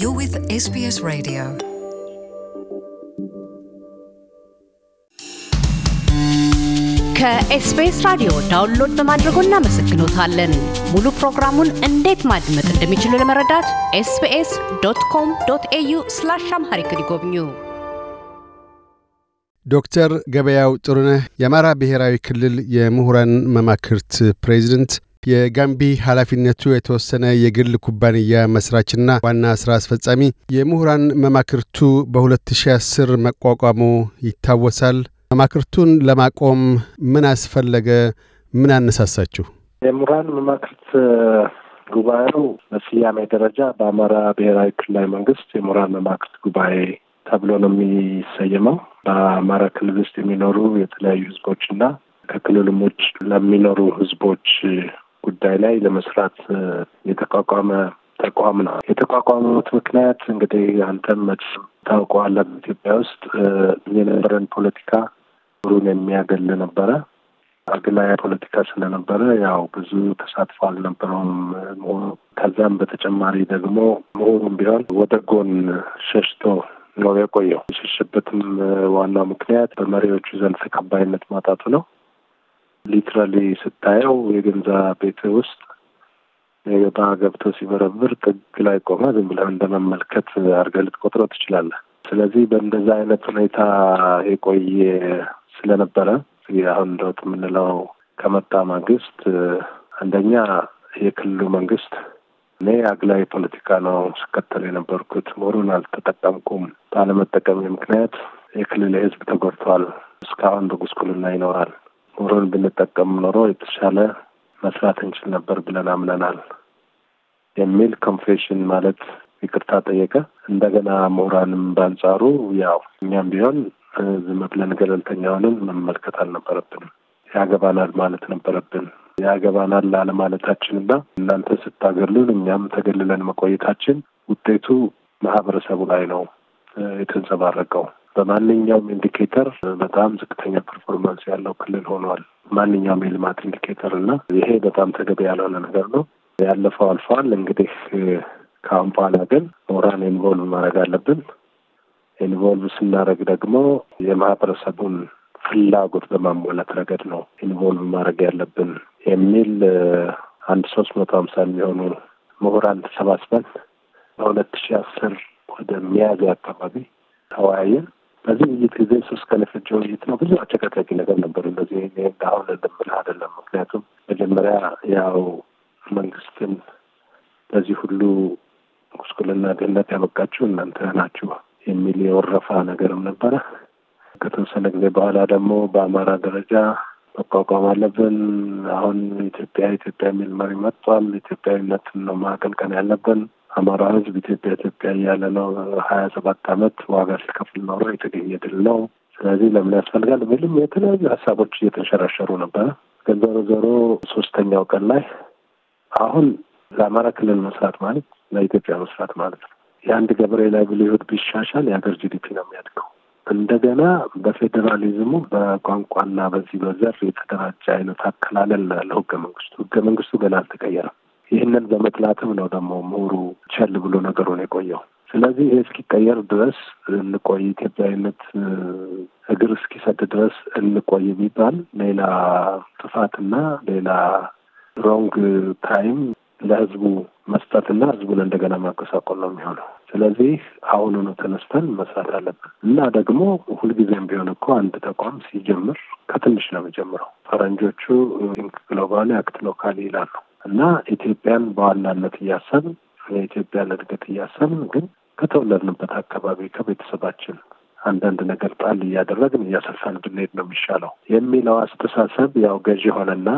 You're with SBS Radio. ከኤስቢኤስ ራዲዮ ዳውንሎድ በማድረጎ እናመሰግኖታለን። ሙሉ ፕሮግራሙን እንዴት ማድመጥ እንደሚችሉ ለመረዳት ኤስቢኤስ ዶት ኮም ዶት ኤዩ ስላሽ አምሃሪክ ይጎብኙ። ዶክተር ገበያው ጥሩነህ የአማራ ብሔራዊ ክልል የምሁራን መማክርት ፕሬዚደንት የጋምቢ ኃላፊነቱ የተወሰነ የግል ኩባንያ መስራችና ዋና ስራ አስፈጻሚ፣ የምሁራን መማክርቱ በ2010 መቋቋሙ ይታወሳል። መማክርቱን ለማቆም ምን አስፈለገ? ምን አነሳሳችሁ? የምሁራን መማክርት ጉባኤው በስያሜ ደረጃ በአማራ ብሔራዊ ክልላዊ መንግስት የምሁራን መማክርት ጉባኤ ተብሎ ነው የሚሰየመው። በአማራ ክልል ውስጥ የሚኖሩ የተለያዩ ህዝቦችና ከክልሉም ውጭ ለሚኖሩ ህዝቦች ጉዳይ ላይ ለመስራት የተቋቋመ ተቋም ነው። የተቋቋሙት ምክንያት እንግዲህ አንተም መቼም ታውቀዋለህ፣ ኢትዮጵያ ውስጥ የነበረን ፖለቲካ ሩን የሚያገል ነበረ። አግላያ ፖለቲካ ስለነበረ ያው ብዙ ተሳትፎ አልነበረውም መሆኑ ከዛም በተጨማሪ ደግሞ መሆኑም ቢሆን ወደ ጎን ሸሽቶ ነው የቆየው። የሸሽበትም ዋናው ምክንያት በመሪዎቹ ዘንድ ተቀባይነት ማጣቱ ነው። ሊትራሊ ስታየው የገንዛ ቤት ውስጥ የገባ ገብቶ ሲበረብር ጥግ ላይ ቆመ ዝም ብለህ እንደመመልከት አድርገህ ልትቆጥረው ትችላለህ። ስለዚህ በእንደዛ አይነት ሁኔታ የቆየ ስለነበረ አሁን እንደወጥ የምንለው ከመጣ ማግስት አንደኛ የክልሉ መንግስት እኔ አግላይ ፖለቲካ ነው ስከተል የነበርኩት ሞሩን አልተጠቀምኩም፣ ባለመጠቀም ምክንያት የክልል ህዝብ ተጎድቷል፣ እስካሁን በጉስቁልና ይኖራል ኑሮን ብንጠቀም ኖሮ የተሻለ መስራት እንችል ነበር ብለን አምነናል የሚል ኮንፌሽን ማለት ይቅርታ ጠየቀ። እንደገና ምሁራንም ባንጻሩ ያው እኛም ቢሆን ዝም ብለን ገለልተኛውንን መመልከት አልነበረብንም። ያገባናል ማለት ነበረብን። ያገባናል ላለማለታችንና እናንተ ስታገሉን እኛም ተገልለን መቆየታችን ውጤቱ ማህበረሰቡ ላይ ነው የተንጸባረቀው። በማንኛውም ኢንዲኬተር በጣም ዝቅተኛ ፐርፎርማንስ ያለው ክልል ሆኗል። ማንኛውም የልማት ኢንዲኬተር እና ይሄ በጣም ተገቢ ያልሆነ ነገር ነው። ያለፈው አልፏል። እንግዲህ ከአሁን በኋላ ግን ምሁራን ኢንቮልቭ ማድረግ አለብን። ኢንቮልቭ ስናደርግ ደግሞ የማህበረሰቡን ፍላጎት በማሟላት ረገድ ነው ኢንቮልቭ ማድረግ ያለብን የሚል አንድ ሶስት መቶ ሀምሳ የሚሆኑ ምሁራን ተሰባስበን በሁለት ሺህ አስር ወደ ሚያዝያ አካባቢ ተወያየን። በዚህ ውይይት ጊዜ ሱስ ከነፈጀ ውይይት ነው። ብዙ አጨቃጫቂ ነገር ነበር። እንደዚህ አሁን ልምል አይደለም። ምክንያቱም መጀመሪያ ያው መንግስትን በዚህ ሁሉ ጉስቁልና፣ ድህነት ያበቃችሁ እናንተ ናችሁ የሚል የወረፋ ነገርም ነበረ። ከተወሰነ ጊዜ በኋላ ደግሞ በአማራ ደረጃ መቋቋም አለብን፣ አሁን ኢትዮጵያ ኢትዮጵያ የሚል መሪ መጥቷል፣ ኢትዮጵያዊነትን ነው ማቀንቀን ያለብን አማራ ህዝብ ኢትዮጵያ ኢትዮጵያ እያለ ነው ሀያ ሰባት አመት ዋጋ ሲከፍል ኖሮ የተገኘ ድል ነው። ስለዚህ ለምን ያስፈልጋል የሚልም የተለያዩ ሀሳቦች እየተንሸራሸሩ ነበረ። ግን ከዛ ዞሮ ሶስተኛው ቀን ላይ አሁን ለአማራ ክልል መስራት ማለት ለኢትዮጵያ መስራት ማለት ነው። የአንድ ገበሬ ላይቭሊሁድ ቢሻሻል የሀገር ጂዲፒ ነው የሚያድገው። እንደገና በፌዴራሊዝሙ በቋንቋና በዚህ በዘር የተደራጀ አይነት አከላለል ያለው ህገ መንግስቱ ህገ መንግስቱ ገና አልተቀየረም። ይህንን በመጥላትም ነው ደግሞ ምሁሩ ቸል ብሎ ነገሩን የቆየው። ስለዚህ ይሄ እስኪቀየር ድረስ እንቆይ፣ ኢትዮጵያዊነት እግር እስኪሰድ ድረስ እንቆይ የሚባል ሌላ ጥፋትና ሌላ ሮንግ ታይም ለህዝቡ መስጠትና ህዝቡን እንደገና ማቀሳቆል ነው የሚሆነው። ስለዚህ አሁኑኑ ተነስተን መስራት አለብን እና ደግሞ ሁልጊዜም ቢሆን እኮ አንድ ተቋም ሲጀምር ከትንሽ ነው የሚጀምረው። ፈረንጆቹ ግሎባሊ አክት ሎካሊ ይላሉ። እና ኢትዮጵያን በዋናነት እያሰብን የኢትዮጵያ እድገት እያሰብን ግን ከተወለድንበት አካባቢ ከቤተሰባችን አንዳንድ ነገር ጣል እያደረግን እያሰፋን ብንሄድ ነው የሚሻለው የሚለው አስተሳሰብ ያው ገዢ ሆነና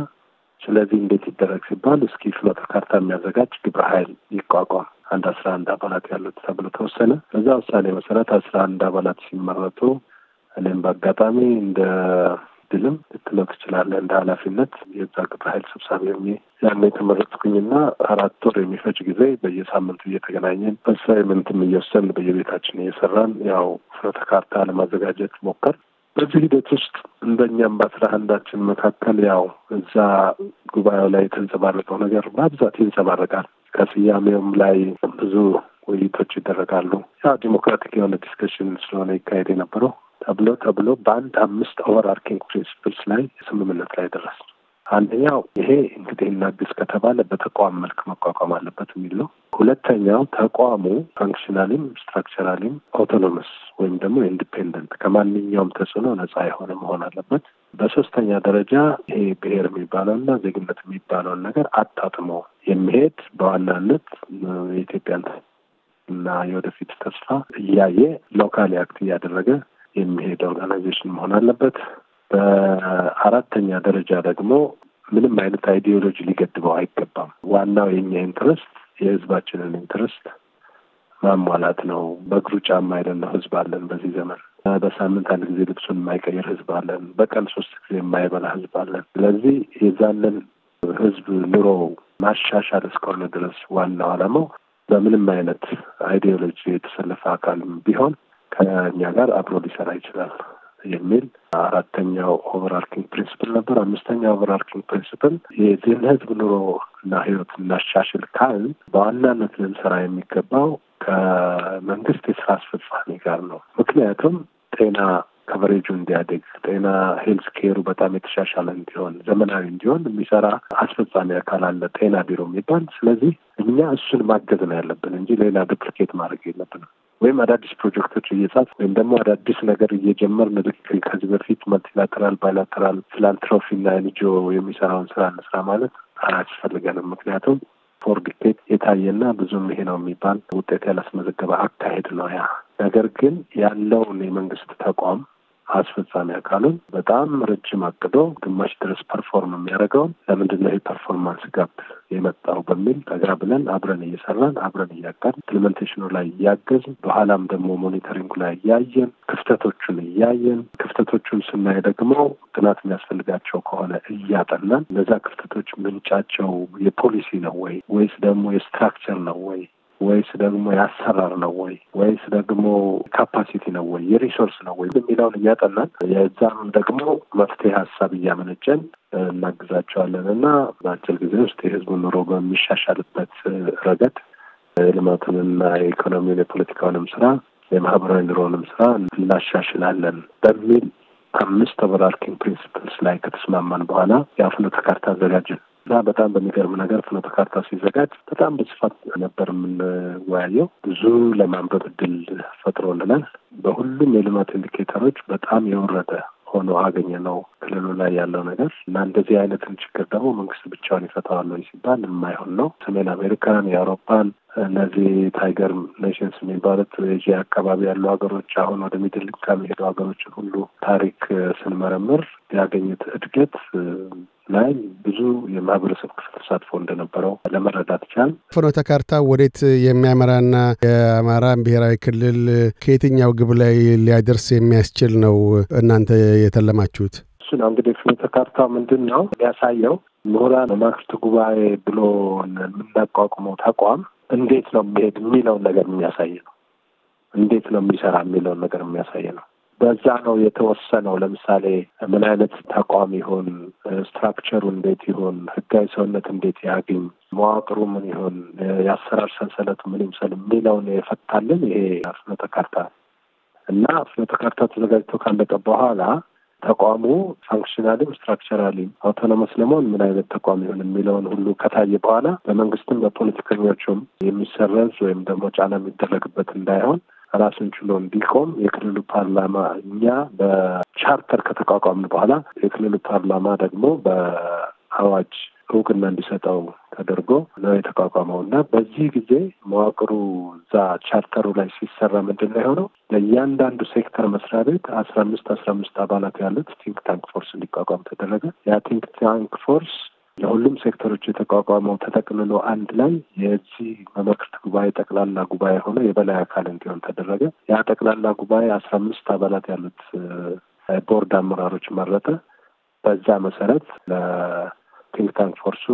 ስለዚህ እንዴት ይደረግ ሲባል እስኪ ፍሎተ ካርታ የሚያዘጋጅ ግብረ ኃይል ይቋቋም አንድ አስራ አንድ አባላት ያሉት ተብሎ ተወሰነ። በዛ ውሳኔ መሰረት አስራ አንድ አባላት ሲመረጡ እኔም በአጋጣሚ እንደ እድልም ልትለው ትችላለህ እንደ ኃላፊነት የዛ ግብረ ኃይል ስብሳቢ ሆኜ ያን የተመረጥኩኝና አራት ወር የሚፈጅ ጊዜ በየሳምንቱ እየተገናኘን በሳይመንትም እየወሰን በየቤታችን እየሰራን ያው ፍኖተ ካርታ ለማዘጋጀት ሞከር። በዚህ ሂደት ውስጥ እንደኛም በአስራ አንዳችን መካከል ያው እዛ ጉባኤው ላይ የተንጸባረቀው ነገር በብዛት ይንጸባረቃል። ከስያሜውም ላይ ብዙ ውይይቶች ይደረጋሉ። ያ ዲሞክራቲክ የሆነ ዲስከሽን ስለሆነ ይካሄድ የነበረው ተብሎ ተብሎ በአንድ አምስት ኦቨርአርኪንግ ፕሪንስፕልስ ላይ ስምምነት ላይ ደረስ። አንደኛው ይሄ እንግዲህ እናግዝ ከተባለ በተቋም መልክ መቋቋም አለበት የሚል ነው። ሁለተኛው ተቋሙ ፋንክሽናሊም ስትራክቸራሊም ኦቶኖመስ ወይም ደግሞ ኢንዲፔንደንት ከማንኛውም ተጽዕኖ ነጻ የሆነ መሆን አለበት። በሶስተኛ ደረጃ ይሄ ብሔር የሚባለውና ዜግነት የሚባለውን ነገር አጣጥሞ የሚሄድ በዋናነት የኢትዮጵያን እና የወደፊት ተስፋ እያየ ሎካሊ አክት እያደረገ የሚሄድ ኦርጋናይዜሽን መሆን አለበት። በአራተኛ ደረጃ ደግሞ ምንም አይነት አይዲዮሎጂ ሊገድበው አይገባም። ዋናው የኛ ኢንትረስት የህዝባችንን ኢንትረስት ማሟላት ነው። በእግሩ ጫማ የሌለው ህዝብ አለን። በዚህ ዘመን በሳምንት አንድ ጊዜ ልብሱን የማይቀይር ህዝብ አለን። በቀን ሶስት ጊዜ የማይበላ ህዝብ አለን። ስለዚህ የዛንን ህዝብ ኑሮ ማሻሻል እስከሆነ ድረስ ዋናው አላማው በምንም አይነት አይዲዮሎጂ የተሰለፈ አካልም ቢሆን ከእኛ ጋር አብሮ ሊሰራ ይችላል የሚል አራተኛው ኦቨርአርኪንግ ፕሪንስፕል ነበር። አምስተኛው ኦቨርአርኪንግ ፕሪንስፕል የዚህን ህዝብ ኑሮ እና ህይወት እናሻሽል ካል በዋናነት ልንሰራ የሚገባው ከመንግስት የስራ አስፈጻሚ ጋር ነው። ምክንያቱም ጤና ከቨሬጁ እንዲያድግ ጤና ሄልስ ኬሩ በጣም የተሻሻለ እንዲሆን ዘመናዊ እንዲሆን የሚሰራ አስፈጻሚ አካል አለ፣ ጤና ቢሮ የሚባል። ስለዚህ እኛ እሱን ማገዝ ነው ያለብን እንጂ ሌላ ዱፕሊኬት ማድረግ የለብንም። ወይም አዳዲስ ፕሮጀክቶች እየጻፍ ወይም ደግሞ አዳዲስ ነገር እየጀመር ልክ ከዚህ በፊት መልቲላተራል ባይላተራል ፊላንትሮፊ እና ኤንጂኦ የሚሰራውን ስራ እንስራ ማለት አያስፈልገንም። ምክንያቱም ፎር ዲኬት የታየና ብዙም ይሄ ነው የሚባል ውጤት ያላስመዘገበ አካሄድ ነው ያ ነገር ግን ያለውን የመንግስት ተቋም አስፈጻሚ አካሉን በጣም ረጅም አቅዶ ግማሽ ድረስ ፐርፎርም የሚያደርገውን ለምንድን ነው ይህ ፐርፎርማንስ ጋፕ የመጣው በሚል ተግራ ብለን አብረን እየሰራን አብረን እያቀድ ኢምፕሊሜንቴሽኑ ላይ እያገዝን በኋላም ደግሞ ሞኒተሪንጉ ላይ እያየን ክፍተቶቹን እያየን ክፍተቶቹን ስናይ ደግሞ ጥናት የሚያስፈልጋቸው ከሆነ እያጠናን እነዛ ክፍተቶች ምንጫቸው የፖሊሲ ነው ወይ ወይስ ደግሞ የስትራክቸር ነው ወይ ወይስ ደግሞ የአሰራር ነው ወይ ወይስ ደግሞ ካፓሲቲ ነው ወይ የሪሶርስ ነው ወይ የሚለውን እያጠናን የዛም ደግሞ መፍትሄ ሀሳብ እያመነጨን እናግዛቸዋለን እና በአጭር ጊዜ ውስጥ የህዝቡ ኑሮ በሚሻሻልበት ረገድ የልማቱንና የኢኮኖሚውን የፖለቲካውንም ስራ የማህበራዊ ኑሮንም ስራ እናሻሽላለን በሚል አምስት ኦቨርአርኪንግ ፕሪንስፕልስ ላይ ከተስማማን በኋላ የአፍኖተ ካርታ አዘጋጅን። እና በጣም በሚገርም ነገር ፍኖተ ካርታ ሲዘጋጅ በጣም በስፋት ነበር የምንወያየው። ብዙ ለማንበብ እድል ፈጥሮልናል። በሁሉም የልማት ኢንዲኬተሮች በጣም የወረደ ሆኖ አገኘ ነው ክልሉ ላይ ያለው ነገር እና እንደዚህ አይነትን ችግር ደግሞ መንግስት ብቻውን ይፈታዋል ሲባል የማይሆን ነው። ሰሜን አሜሪካን፣ የአውሮፓን እነዚህ ታይገር ኔሽንስ የሚባሉት ኤዥያ አካባቢ ያሉ ሀገሮች አሁን ወደ ሚድል ከሚሄዱ ሀገሮችን ሁሉ ታሪክ ስንመረምር ያገኙት እድገት ላይ ብዙ የማህበረሰብ ክፍል ተሳትፎ እንደነበረው ለመረዳት ይቻል። ፍኖተ ካርታ ወዴት የሚያመራና የአማራ ብሔራዊ ክልል ከየትኛው ግብ ላይ ሊያደርስ የሚያስችል ነው እናንተ የተለማችሁት? እሱ ነው እንግዲህ ፍኖተ ካርታ ምንድን ነው የሚያሳየው ምሁራን ማክስት ጉባኤ ብሎ የምናቋቁመው ተቋም እንዴት ነው የሚሄድ የሚለውን ነገር የሚያሳይ ነው። እንዴት ነው የሚሰራ የሚለውን ነገር የሚያሳይ ነው። በዛ ነው የተወሰነው። ለምሳሌ ምን አይነት ተቋም ይሁን፣ ስትራክቸሩ እንዴት ይሁን፣ ህጋዊ ሰውነት እንዴት ያግኝ፣ መዋቅሩ ምን ይሁን፣ የአሰራር ሰንሰለቱ ምን ይምሰል የሚለውን የፈታልን ይሄ አፍኖተ ካርታ እና አፍኖተ ካርታ ተዘጋጅቶ ካለቀ በኋላ ተቋሙ ፋንክሽናሊም ስትራክቸራሊም አውቶኖመስ ለመሆን ምን አይነት ተቋም ይሆን የሚለውን ሁሉ ከታየ በኋላ በመንግስትም በፖለቲከኞቹም የሚሰረዝ ወይም ደግሞ ጫና የሚደረግበት እንዳይሆን ራሱን ችሎ እንዲቆም የክልሉ ፓርላማ እኛ በቻርተር ከተቋቋምን በኋላ የክልሉ ፓርላማ ደግሞ በአዋጅ እውቅና እንዲሰጠው ተደርጎ ነው የተቋቋመው እና በዚህ ጊዜ መዋቅሩ እዛ ቻርተሩ ላይ ሲሰራ ምንድን ነው የሆነው? ለእያንዳንዱ ሴክተር መስሪያ ቤት አስራ አምስት አስራ አምስት አባላት ያሉት ቲንክ ታንክ ፎርስ እንዲቋቋም ተደረገ። ያ ቲንክ ታንክ ፎርስ ለሁሉም ሴክተሮች የተቋቋመው ተጠቅልሎ አንድ ላይ የዚህ መመክርት ጉባኤ ጠቅላላ ጉባኤ ሆነ የበላይ አካል እንዲሆን ተደረገ። ያ ጠቅላላ ጉባኤ አስራ አምስት አባላት ያሉት ቦርድ አመራሮች መረጠ። በዛ መሰረት ቲንክ ታንክ ፎርሱ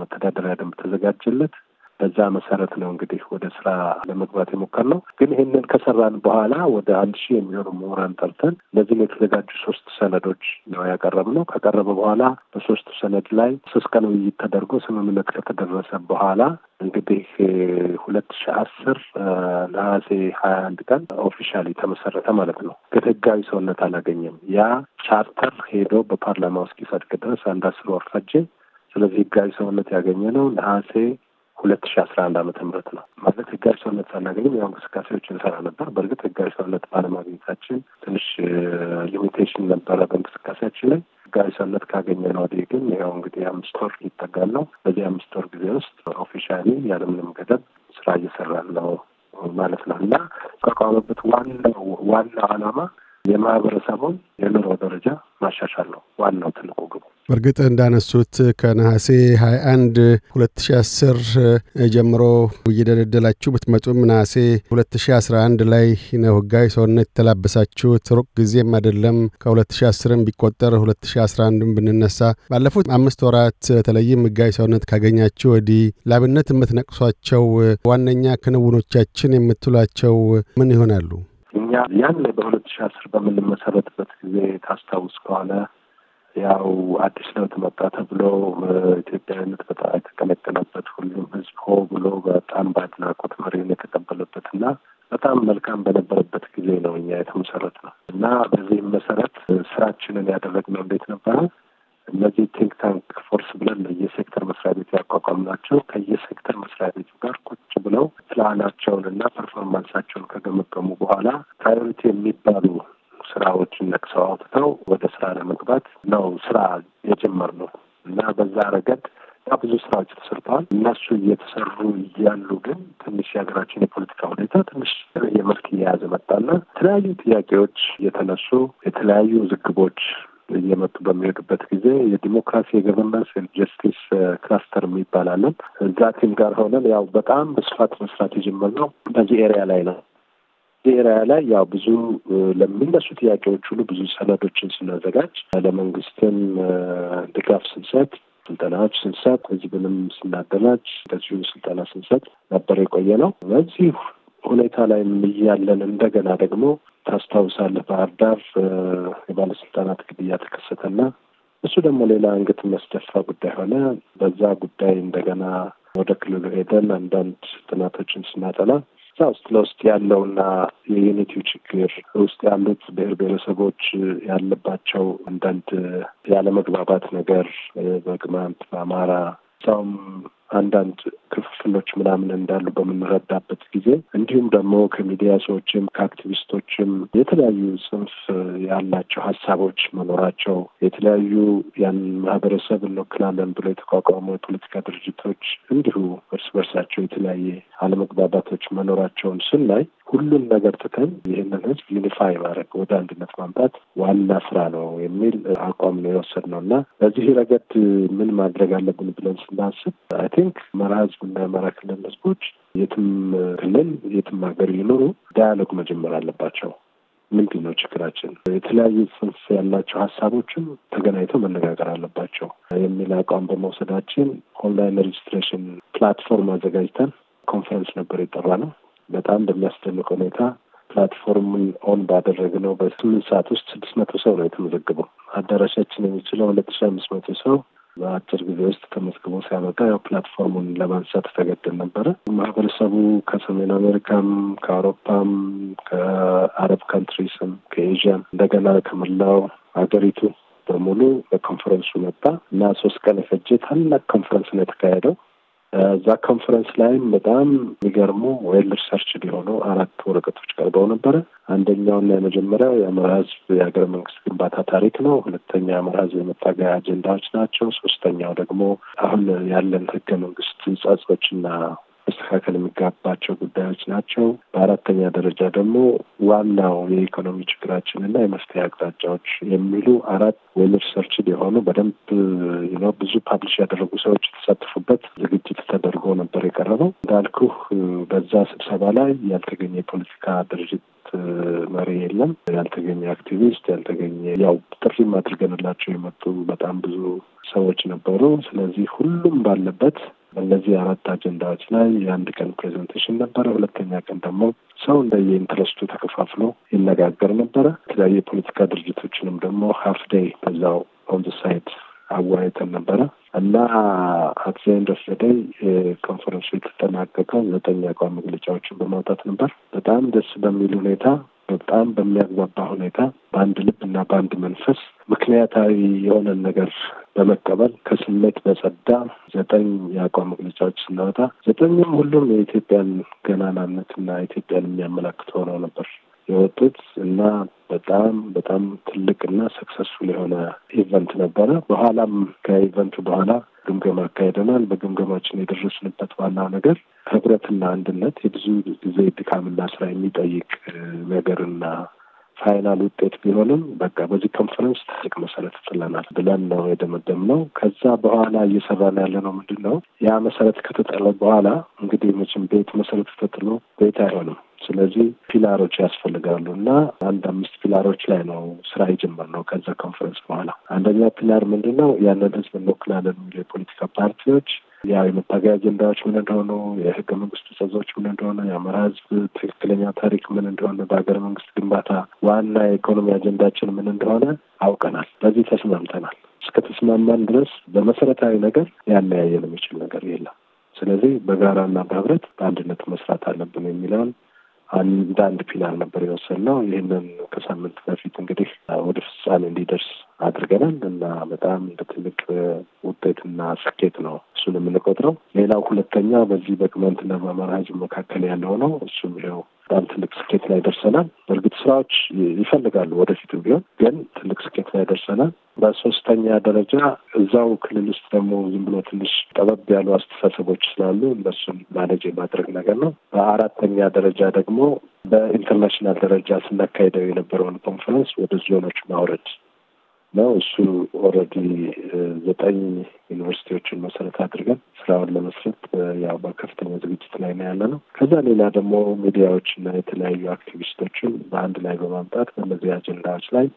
መተዳደሪያ ደንብ ተዘጋጀለት። በዛ መሰረት ነው እንግዲህ ወደ ስራ ለመግባት ነው ግን ይህንን ከሰራን በኋላ ወደ አንድ ሺህ የሚሆኑ ምሁራን ጠርተን ለዚህ የተዘጋጁ ሶስት ሰነዶች ነው ያቀረብነው። ከቀረበ በኋላ በሶስቱ ሰነድ ላይ ሶስት ቀን ውይይት ተደርጎ ስምምነት ከተደረሰ በኋላ እንግዲህ ሁለት ሺ አስር ነሐሴ ሀያ አንድ ቀን ኦፊሻሊ ተመሰረተ ማለት ነው። ግን ህጋዊ ሰውነት አላገኘም። ያ ቻርተር ሄዶ በፓርላማ እስኪጸድቅ ድረስ አንድ አስር ወር ፈጀ። ስለዚህ ህጋዊ ሰውነት ያገኘ ነው ነሐሴ ሁለት ሺ አስራ አንድ አመተ ምህረት ነው ማለት ህጋዊ ሰውነት ሳናገኝም ያው እንቅስቃሴዎች እንሰራ ነበር። በእርግጥ ህጋዊ ሰውነት ባለማግኘታችን ትንሽ ሊሚቴሽን ነበረ በእንቅስቃሴያችን ላይ። ህጋዊ ሰውነት ካገኘ ነው ወዲህ ግን ያው እንግዲህ አምስት ወር ሊጠጋል ነው። በዚህ አምስት ወር ጊዜ ውስጥ ኦፊሻሊ ያለምንም ገደብ ስራ እየሰራን ነው ማለት ነው እና ተቋቋመበት ዋናው ዋናው አላማ የማህበረሰቡን የኑሮ ደረጃ ማሻሻል ነው ዋናው ትልቁ ግቡ። በእርግጥ እንዳነሱት ከነሐሴ 21 2010 ጀምሮ እየደለደላችሁ ብትመጡም ነሐሴ 2011 ላይ ነው ህጋዊ ሰውነት የተላበሳችሁት። ሩቅ ጊዜም አይደለም። ከ2010 ቢቆጠር 2011 ብንነሳ ባለፉት አምስት ወራት በተለይም ህጋዊ ሰውነት ካገኛችሁ ወዲህ ለአብነት የምትነቅሷቸው ዋነኛ ክንውኖቻችን የምትሏቸው ምን ይሆናሉ? እኛ ያን በሁለት ሺህ አስር በምንመሰረትበት ጊዜ ታስታውስ ከሆነ ያው አዲስ ለውጥ መጣ ተብሎ ኢትዮጵያዊነት በጣም የተቀነቀነበት ሁሉም ህዝብ ሆ ብሎ በጣም በአድናቆት መሪውን የተቀበለበት እና በጣም መልካም በነበረበት ጊዜ ነው እኛ የተመሰረት ነው እና በዚህም መሰረት ስራችንን ያደረግነው እንዴት ነበረ? እነዚህ ቲንክ ታንክ ፎርስ ብለን ለየሴክተር መስሪያ ቤቱ ያቋቋምናቸው ከየሴክተር መስሪያ ቤቱ ጋር ቁጭ ብለው ፕላናቸውን እና ፐርፎርማንሳቸውን ከገመገሙ በኋላ ፕራዮሪቲ የሚባሉ ስራዎችን ነቅሰው አውጥተው ወደ ስራ ለመግባት ነው ስራ የጀመርነው እና በዛ ረገድ በጣም ብዙ ስራዎች ተሰርተዋል። እነሱ እየተሰሩ እያሉ ግን ትንሽ የሀገራችን የፖለቲካ ሁኔታ ትንሽ የመልክ እየያዘ መጣና የተለያዩ ጥያቄዎች እየተነሱ የተለያዩ ዝግቦች እየመጡ በሚሄዱበት ጊዜ የዲሞክራሲ የገቨርናንስ ጀስቲስ ክላስተር የሚባላለን እዛ ቲም ጋር ሆነን ያው በጣም በስፋት መስራት የጀመርነው በዚህ ኤሪያ ላይ ነው። ብሔራዊ ላይ ያው ብዙ ለሚነሱ ጥያቄዎች ሁሉ ብዙ ሰነዶችን ስናዘጋጅ ለመንግስትም ድጋፍ ስንሰጥ ስልጠናዎች ስንሰጥ ህዝብንም ስናደራጅ እንደዚሁ ስልጠና ስንሰጥ ነበር የቆየ ነው። በዚህ ሁኔታ ላይ እያለን እንደገና ደግሞ ታስታውሳለህ፣ ባህር ዳር የባለስልጣናት ግድያ ተከሰተና እሱ ደግሞ ሌላ አንገት መስደፋ ጉዳይ ሆነ። በዛ ጉዳይ እንደገና ወደ ክልሉ ሄደን አንዳንድ ጥናቶችን ስናጠና ፖለቲካ ውስጥ ለውስጥ ያለውና የዩኒቲው ችግር ውስጥ ያሉት ብሔር ብሔረሰቦች ያለባቸው አንዳንድ ያለመግባባት ነገር በቅማንት፣ በአማራ ሰውም አንዳንድ ክፍፍሎች ምናምን እንዳሉ በምንረዳበት ጊዜ እንዲሁም ደግሞ ከሚዲያ ሰዎችም ከአክቲቪስቶችም የተለያዩ ጽንፍ ያላቸው ሀሳቦች መኖራቸው የተለያዩ ያን ማህበረሰብ እንወክላለን ብሎ የተቋቋሙ የፖለቲካ ድርጅቶች እንዲሁ እርስ በርሳቸው የተለያየ አለመግባባቶች መኖራቸውን ስናይ ሁሉን ነገር ትተን ይህንን ህዝብ ዩኒፋይ ማድረግ ወደ አንድነት ማምጣት ዋና ስራ ነው የሚል አቋም ነው ነው እና በዚህ ረገድ ምን ማድረግ አለብን ብለን ስናስብ ቲንክ አማራ ህዝብ እና ክልል ህዝቦች የትም ክልል የትም ሀገር ይኖሩ ዳያሎግ መጀመር አለባቸው። ምንድን ነው ችግራችን? የተለያዩ ጽንስ ያላቸው ሀሳቦችን ተገናኝተው መነጋገር አለባቸው የሚል አቋም በመውሰዳችን ኦንላይን ሬጅስትሬሽን ፕላትፎርም አዘጋጅተን ኮንፈረንስ ነበር የጠራ ነው። በጣም በሚያስደንቅ ሁኔታ ፕላትፎርሙን ኦን ነው በስምንት ሰዓት ውስጥ ስድስት መቶ ሰው ነው የተመዘገበው። አዳራሻችን የሚችለው ሁለት ሺ አምስት መቶ ሰው በአጭር ጊዜ ውስጥ ተመዝግቦ ሲያበቃ ያው ፕላትፎርሙን ለማንሳት ተገደል ነበረ። ማህበረሰቡ ከሰሜን አሜሪካም፣ ከአውሮፓም፣ ከአረብ ካንትሪስም፣ ከኤዥያም እንደገና ከመላው ሀገሪቱ በሙሉ በኮንፈረንሱ መጣ እና ሶስት ቀን የፈጀ ታላቅ ኮንፈረንስ ነው የተካሄደው። እዛ ኮንፈረንስ ላይም በጣም የሚገርሙ ዌል ሪሰርች ሊሆኑ አራት ወረቀቶች ቀርበው ነበረ። አንደኛውና የመጀመሪያው የአማራ ሕዝብ የሀገር መንግስት ግንባታ ታሪክ ነው። ሁለተኛ የአማራ ሕዝብ የመታገያ አጀንዳዎች ናቸው። ሶስተኛው ደግሞ አሁን ያለን ህገ መንግስት ጸጾችና መስተካከል የሚጋባቸው ጉዳዮች ናቸው። በአራተኛ ደረጃ ደግሞ ዋናው የኢኮኖሚ ችግራችን ና የመፍትሄ አቅጣጫዎች የሚሉ አራት ዌልር ሰርችድ የሆኑ በደንብ ነው ብዙ ፓብሊሽ ያደረጉ ሰዎች የተሳተፉበት ዝግጅት ተደርጎ ነበር የቀረበው። እንዳልኩህ በዛ ስብሰባ ላይ ያልተገኘ የፖለቲካ ድርጅት መሪ የለም፣ ያልተገኘ አክቲቪስት፣ ያልተገኘ ያው ጥሪም አድርገንላቸው የመጡ በጣም ብዙ ሰዎች ነበሩ። ስለዚህ ሁሉም ባለበት በእነዚህ አራት አጀንዳዎች ላይ የአንድ ቀን ፕሬዘንቴሽን ነበረ። ሁለተኛ ቀን ደግሞ ሰው እንደ የኢንትረስቱ ተከፋፍሎ ይነጋገር ነበረ። የተለያዩ የፖለቲካ ድርጅቶችንም ደግሞ ሀፍ ዴይ በዛው ኦን ዘ ሳይት አወያይተን ነበረ እና አት ዘ ኤንድ ኦፍ ዘ ዴይ ኮንፈረንሱ የተጠናቀቀ ዘጠኝ አቋም መግለጫዎችን በማውጣት ነበር። በጣም ደስ በሚል ሁኔታ በጣም በሚያግባባ ሁኔታ በአንድ ልብ እና በአንድ መንፈስ ምክንያታዊ የሆነን ነገር በመቀበል ከስሜት በጸዳ ዘጠኝ የአቋም መግለጫዎች ስናወጣ ዘጠኙም ሁሉም የኢትዮጵያን ገናናነት እና ኢትዮጵያን የሚያመላክት ሆነው ነበር የወጡት እና በጣም በጣም ትልቅና ሰክሰስፉል የሆነ ኢቨንት ነበረ። በኋላም ከኢቨንቱ በኋላ ግምገማ አካሄደናል። በግምገማችን የደረስንበት ዋና ነገር ህብረትና አንድነት የብዙ ጊዜ ድካምና ስራ የሚጠይቅ ነገርና ፋይናል ውጤት ቢሆንም በቃ በዚህ ኮንፈረንስ ትልቅ መሰረት ጥለናል ብለን ነው የደመደምነው። ከዛ በኋላ እየሰራን ያለ ነው ምንድን ነው ያ መሰረት ከተጠለ በኋላ እንግዲህ መቼም ቤት መሰረት ተጥሎ ቤት አይሆንም። ስለዚህ ፒላሮች ያስፈልጋሉ እና አንድ አምስት ፒላሮች ላይ ነው ስራ የጀመርነው ከዛ ኮንፈረንስ በኋላ። አንደኛ ፒላር ምንድን ነው? ያንን ህዝብ እንወክላለን የሚሉ የፖለቲካ ፓርቲዎች ያው የመታገያ አጀንዳዎች ምን እንደሆኑ፣ የህገ መንግስቱ ጽሑፎች ምን እንደሆነ፣ የአማራ ህዝብ ትክክለኛ ታሪክ ምን እንደሆነ፣ በሀገር መንግስት ግንባታ ዋና የኢኮኖሚ አጀንዳችን ምን እንደሆነ አውቀናል። በዚህ ተስማምተናል። እስከተስማማን ድረስ በመሰረታዊ ነገር ያለያየን የሚችል ነገር የለም። ስለዚህ በጋራና በህብረት በአንድነት መስራት አለብን የሚለውን አንድ ፒላር ነበር የወሰንነው። ይህንን ከሳምንት በፊት እንግዲህ ወደ ፍጻሜ እንዲደርስ አድርገናል እና በጣም እንደ ትልቅ ውጤትና ስኬት ነው እሱን የምንቆጥረው። ሌላው ሁለተኛ በዚህ በቅመንትና በአማራ ሕዝብ መካከል ያለው ነው። እሱም ይኸው በጣም ትልቅ ስኬት ላይ ደርሰናል። እርግጥ ስራዎች ይፈልጋሉ ወደፊትም ቢሆን ግን ትልቅ ስኬት ላይ ደርሰናል። በሶስተኛ ደረጃ እዛው ክልል ውስጥ ደግሞ ዝም ብሎ ትንሽ ጠበብ ያሉ አስተሳሰቦች ስላሉ እነሱን ማኔጅ የማድረግ ነገር ነው። በአራተኛ ደረጃ ደግሞ በኢንተርናሽናል ደረጃ ስናካሄደው የነበረውን ኮንፈረንስ ወደ ዞኖች ማውረድ ነው። እሱ ኦልሬዲ ዘጠኝ ዩኒቨርሲቲዎችን መሰረት አድርገን ስራውን ለመስረት ያው በከፍተኛ ዝግጅት ላይ ነው ያለ ነው። ከዛ ሌላ ደግሞ ሚዲያዎች እና የተለያዩ አክቲቪስቶችን በአንድ ላይ በማምጣት በእነዚህ አጀንዳዎች ላይ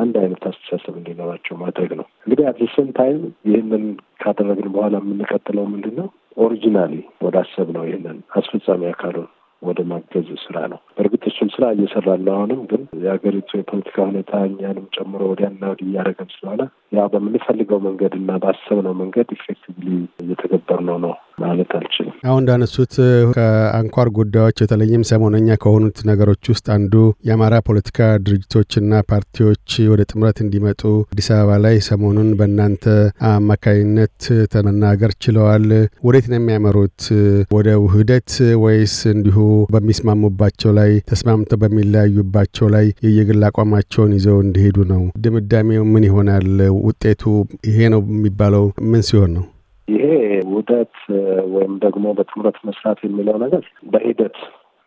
አንድ አይነት አስተሳሰብ እንዲኖራቸው ማድረግ ነው። እንግዲህ አዲስን ታይም ይህንን ካደረግን በኋላ የምንቀጥለው ምንድን ነው ኦሪጂናሊ ወደ አሰብ ነው ይህንን አስፈጻሚ አካሉን ወደ ማገዝ ስራ ነው። በእርግጥ እሱን ስራ እየሰራ ነው። አሁንም ግን የሀገሪቱ የፖለቲካ ሁኔታ እኛንም ጨምሮ ወዲያና ወዲህ እያደረገን ስለሆነ ያ በምንፈልገው መንገድ እና ባሰብነው መንገድ ኢፌክቲቭሊ ነው ነው ማለት አልችልም። አሁን እንዳነሱት ከአንኳር ጉዳዮች በተለይም ሰሞነኛ ከሆኑት ነገሮች ውስጥ አንዱ የአማራ ፖለቲካ ድርጅቶችና ፓርቲዎች ወደ ጥምረት እንዲመጡ አዲስ አበባ ላይ ሰሞኑን በእናንተ አማካኝነት ተመናገር ችለዋል። ወዴት ነው የሚያመሩት? ወደ ውህደት ወይስ እንዲሁ በሚስማሙባቸው ላይ ተስማምተው በሚለያዩባቸው ላይ የየግል አቋማቸውን ይዘው እንዲሄዱ ነው? ድምዳሜው ምን ይሆናል? ውጤቱ ይሄ ነው የሚባለው ምን ሲሆን ነው? ይሄ ውህደት ወይም ደግሞ በትምረት መስራት የሚለው ነገር በሂደት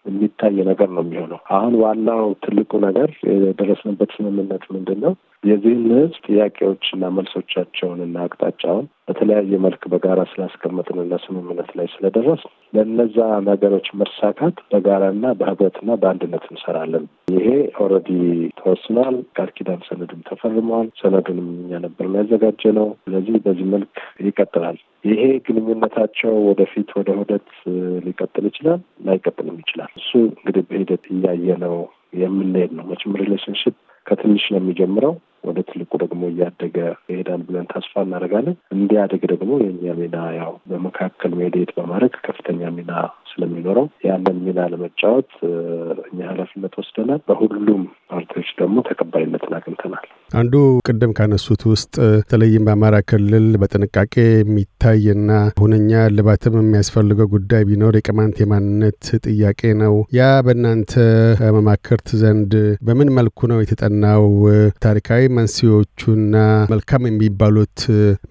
የሚታይ ነገር ነው የሚሆነው። አሁን ዋናው ትልቁ ነገር የደረስንበት ስምምነት ምንድን ነው? የዚህን ህዝብ ጥያቄዎችና መልሶቻቸውንና አቅጣጫውን በተለያየ መልክ በጋራ ስላስቀመጥንና ስምምነት ላይ ስለደረስ ለነዛ ነገሮች መሳካት በጋራና በህብረትና በአንድነት እንሰራለን። ይሄ ኦልሬዲ ተወስኗል። ቃል ኪዳን ሰነድም ተፈርመዋል። ሰነዱንም እኛ ነበር ያዘጋጀ ነው። ስለዚህ በዚህ መልክ ይቀጥላል። ይሄ ግንኙነታቸው ወደፊት ወደ ሁደት ሊቀጥል ይችላል፣ ላይቀጥልም ይችላል። እሱ እንግዲህ በሂደት እያየ ነው የምንሄድ ነው። መቼም ሪሌሽንሽፕ ከትንሽ ነው የሚጀምረው ወደ ትልቁ ደግሞ እያደገ ይሄዳል ብለን ተስፋ እናደርጋለን። እንዲያደግ ደግሞ የኛ ሚና ያው በመካከል ሜዲየት በማድረግ ከፍተኛ ሚና ስለሚኖረው ያንን ሚና ለመጫወት እኛ ኃላፊነት ወስደናል። በሁሉም ፓርቲዎች ደግሞ ተቀባይነትን አግኝተናል። አንዱ ቅድም ካነሱት ውስጥ በተለይም በአማራ ክልል በጥንቃቄ የሚታይና ሁነኛ ልባትም የሚያስፈልገው ጉዳይ ቢኖር የቅማንት የማንነት ጥያቄ ነው። ያ በእናንተ መማክርት ዘንድ በምን መልኩ ነው የተጠናው? ታሪካዊ መንስኤዎቹና መልካም የሚባሉት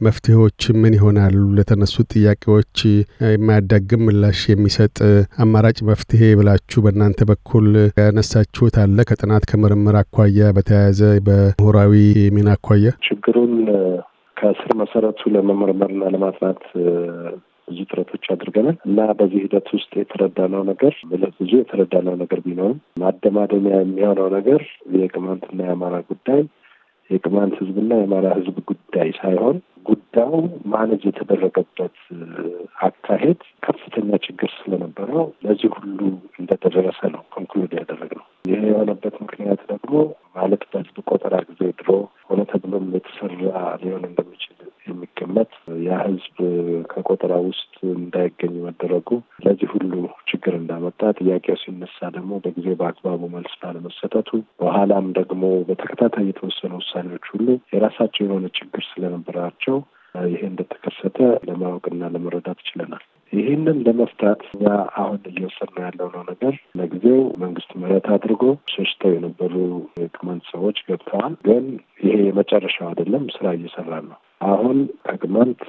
መፍትሄዎች ምን ይሆናሉ? ለተነሱት ጥያቄዎች የማያዳግም ምላሽ የሚሰጥ አማራጭ መፍትሄ ብላችሁ በእናንተ በኩል ያነሳችሁት አለ? ከጥናት ከምርምር አኳያ በተያያዘ በምሁራዊ ሙያዊ ሚና አኳያ ችግሩን ከስር መሰረቱ ለመመርመርና ለማጥናት ብዙ ጥረቶች አድርገናል እና በዚህ ሂደት ውስጥ የተረዳነው ነገር ብዙ የተረዳነው ነገር ቢኖርም ማደማደሚያ የሚሆነው ነገር የቅማንትና የአማራ ጉዳይ የቅማንት ህዝብና የአማራ ህዝብ ጉዳይ ሳይሆን ጉዳዩ ማነጅ የተደረገበት አካሄድ ከፍተኛ ችግር ስለነበረው ለዚህ ሁሉ እንደተደረሰ ነው ኮንክሉድ ያደረግ ነው። ይህ የሆነበት ምክንያት ደግሞ ማለት በህዝብ ቆጠራ ጊዜ ድሮ ሆነ ተብሎም የተሰራ ሊሆን እንደሚችል የሚቀመጥ ያ ህዝብ ከቆጠራ ውስጥ እንዳይገኝ መደረጉ ለዚህ ሁሉ ችግር እንዳመጣ ጥያቄው ሲነሳ ደግሞ በጊዜ በአግባቡ መልስ ባለመሰጠቱ በኋላም ደግሞ በተከታታይ የተወሰኑ ውሳኔዎች ሁሉ የራሳቸው የሆነ ችግር ስለነበራቸው ይሄ እንደተከሰተ ለማወቅና ለመረዳት ችለናል። ይህንን ለመፍታት እኛ አሁን ነው ያለው ነው ነገር ለጊዜው መንግስት ምህረት አድርጎ ሸሽተው የነበሩ የቅማንት ሰዎች ገብተዋል። ግን ይሄ የመጨረሻው አይደለም፣ ስራ እየሰራ ነው። አሁን አግመንት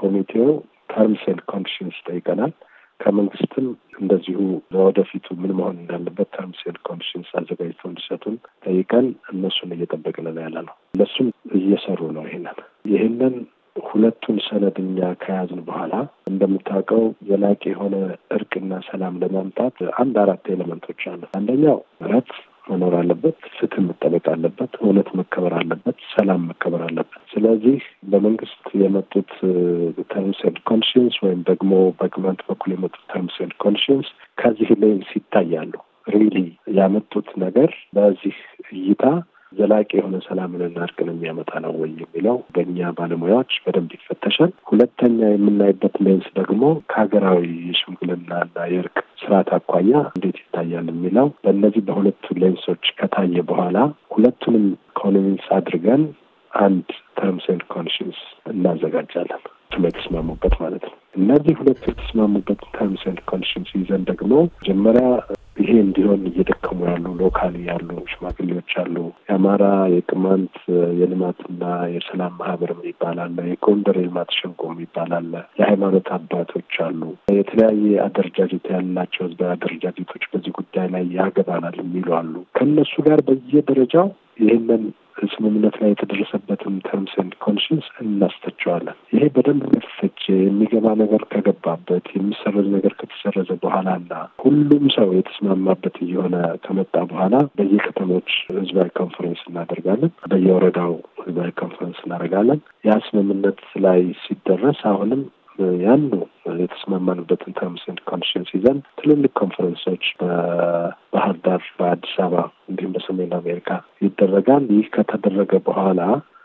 ኮሚቴው ተርምስ ኤንድ ኮንዲሽንስ ጠይቀናል። ከመንግስትም እንደዚሁ ለወደፊቱ ምን መሆን እንዳለበት ተርምስ ኤንድ ኮንዲሽንስ አዘጋጅቶ እንዲሰጡን ጠይቀን እነሱን እየጠበቅን ነው ያለ ነው። እነሱም እየሰሩ ነው። ይሄንን ይህንን ሁለቱን ሰነድኛ ከያዝን በኋላ እንደምታውቀው ዘላቂ የሆነ እርቅና ሰላም ለማምጣት አንድ አራት ኤሌመንቶች አሉ። አንደኛው ረት መኖር አለበት። ፍትህ መጠበቅ አለበት። እውነት መከበር አለበት። ሰላም መከበር አለበት። ስለዚህ በመንግስት የመጡት ተርምስ ኤንድ ኮንሽንስ ወይም ደግሞ በግመንት በኩል የመጡት ተርምስ ኤንድ ኮንሽንስ ከዚህ ላይ ሲታያሉ ሪሊ ያመጡት ነገር በዚህ እይታ ዘላቂ የሆነ ሰላምንና እርቅን የሚያመጣ ነው ወይ የሚለው በእኛ ባለሙያዎች በደንብ ይፈተሻል። ሁለተኛ የምናይበት ሌንስ ደግሞ ከሀገራዊ የሽምግልናና የእርቅ ስርዓት አኳያ እንዴት ይታያል የሚለው በእነዚህ በሁለቱ ሌንሶች ከታየ በኋላ ሁለቱንም ኮንቪንስ አድርገን አንድ ተርምስ ኤንድ ኮንዲሽንስ እናዘጋጃለን። ሁለቱም የተስማሙበት ማለት ነው። እነዚህ ሁለቱ የተስማሙበት ተርምስ ኤንድ ኮንዲሽንስ ይዘን ደግሞ መጀመሪያ ይሄ እንዲሆን እየደከሙ ያሉ ሎካሊ ያሉ ሽማግሌዎች አሉ። የአማራ የቅማንት የልማትና የሰላም ማህበር የሚባል አለ። የጎንደር የልማት ሸንቆ የሚባል አለ። የሃይማኖት አባቶች አሉ። የተለያየ አደረጃጀት ያላቸው ህዝባዊ አደረጃጀቶች በዚህ ጉዳይ ላይ ያገባናል የሚሉ አሉ። ከእነሱ ጋር በየደረጃው ይህንን ስምምነት ላይ የተደረሰበትን ተርምስ ኤንድ ኮንዲሽንስ እናስተቸዋለን። ይሄ በደንብ ከተፈጀ የሚገባ ነገር ከገባበት የሚሰረዝ ነገር ከተሰረዘ በኋላና ሁሉም ሰው የተስማማበት እየሆነ ከመጣ በኋላ በየከተሞች ህዝባዊ ኮንፈረንስ እናደርጋለን። በየወረዳው ህዝባዊ ኮንፈረንስ እናደርጋለን። ያ ስምምነት ላይ ሲደረስ አሁንም ያለው የተስማማንበትን ተርምስ ኤንድ ኮንዲሽንስ ይዘን ትልልቅ ኮንፈረንሶች በባህር ዳር፣ በአዲስ አበባ እንዲሁም በሰሜን አሜሪካ ይደረጋል። ይህ ከተደረገ በኋላ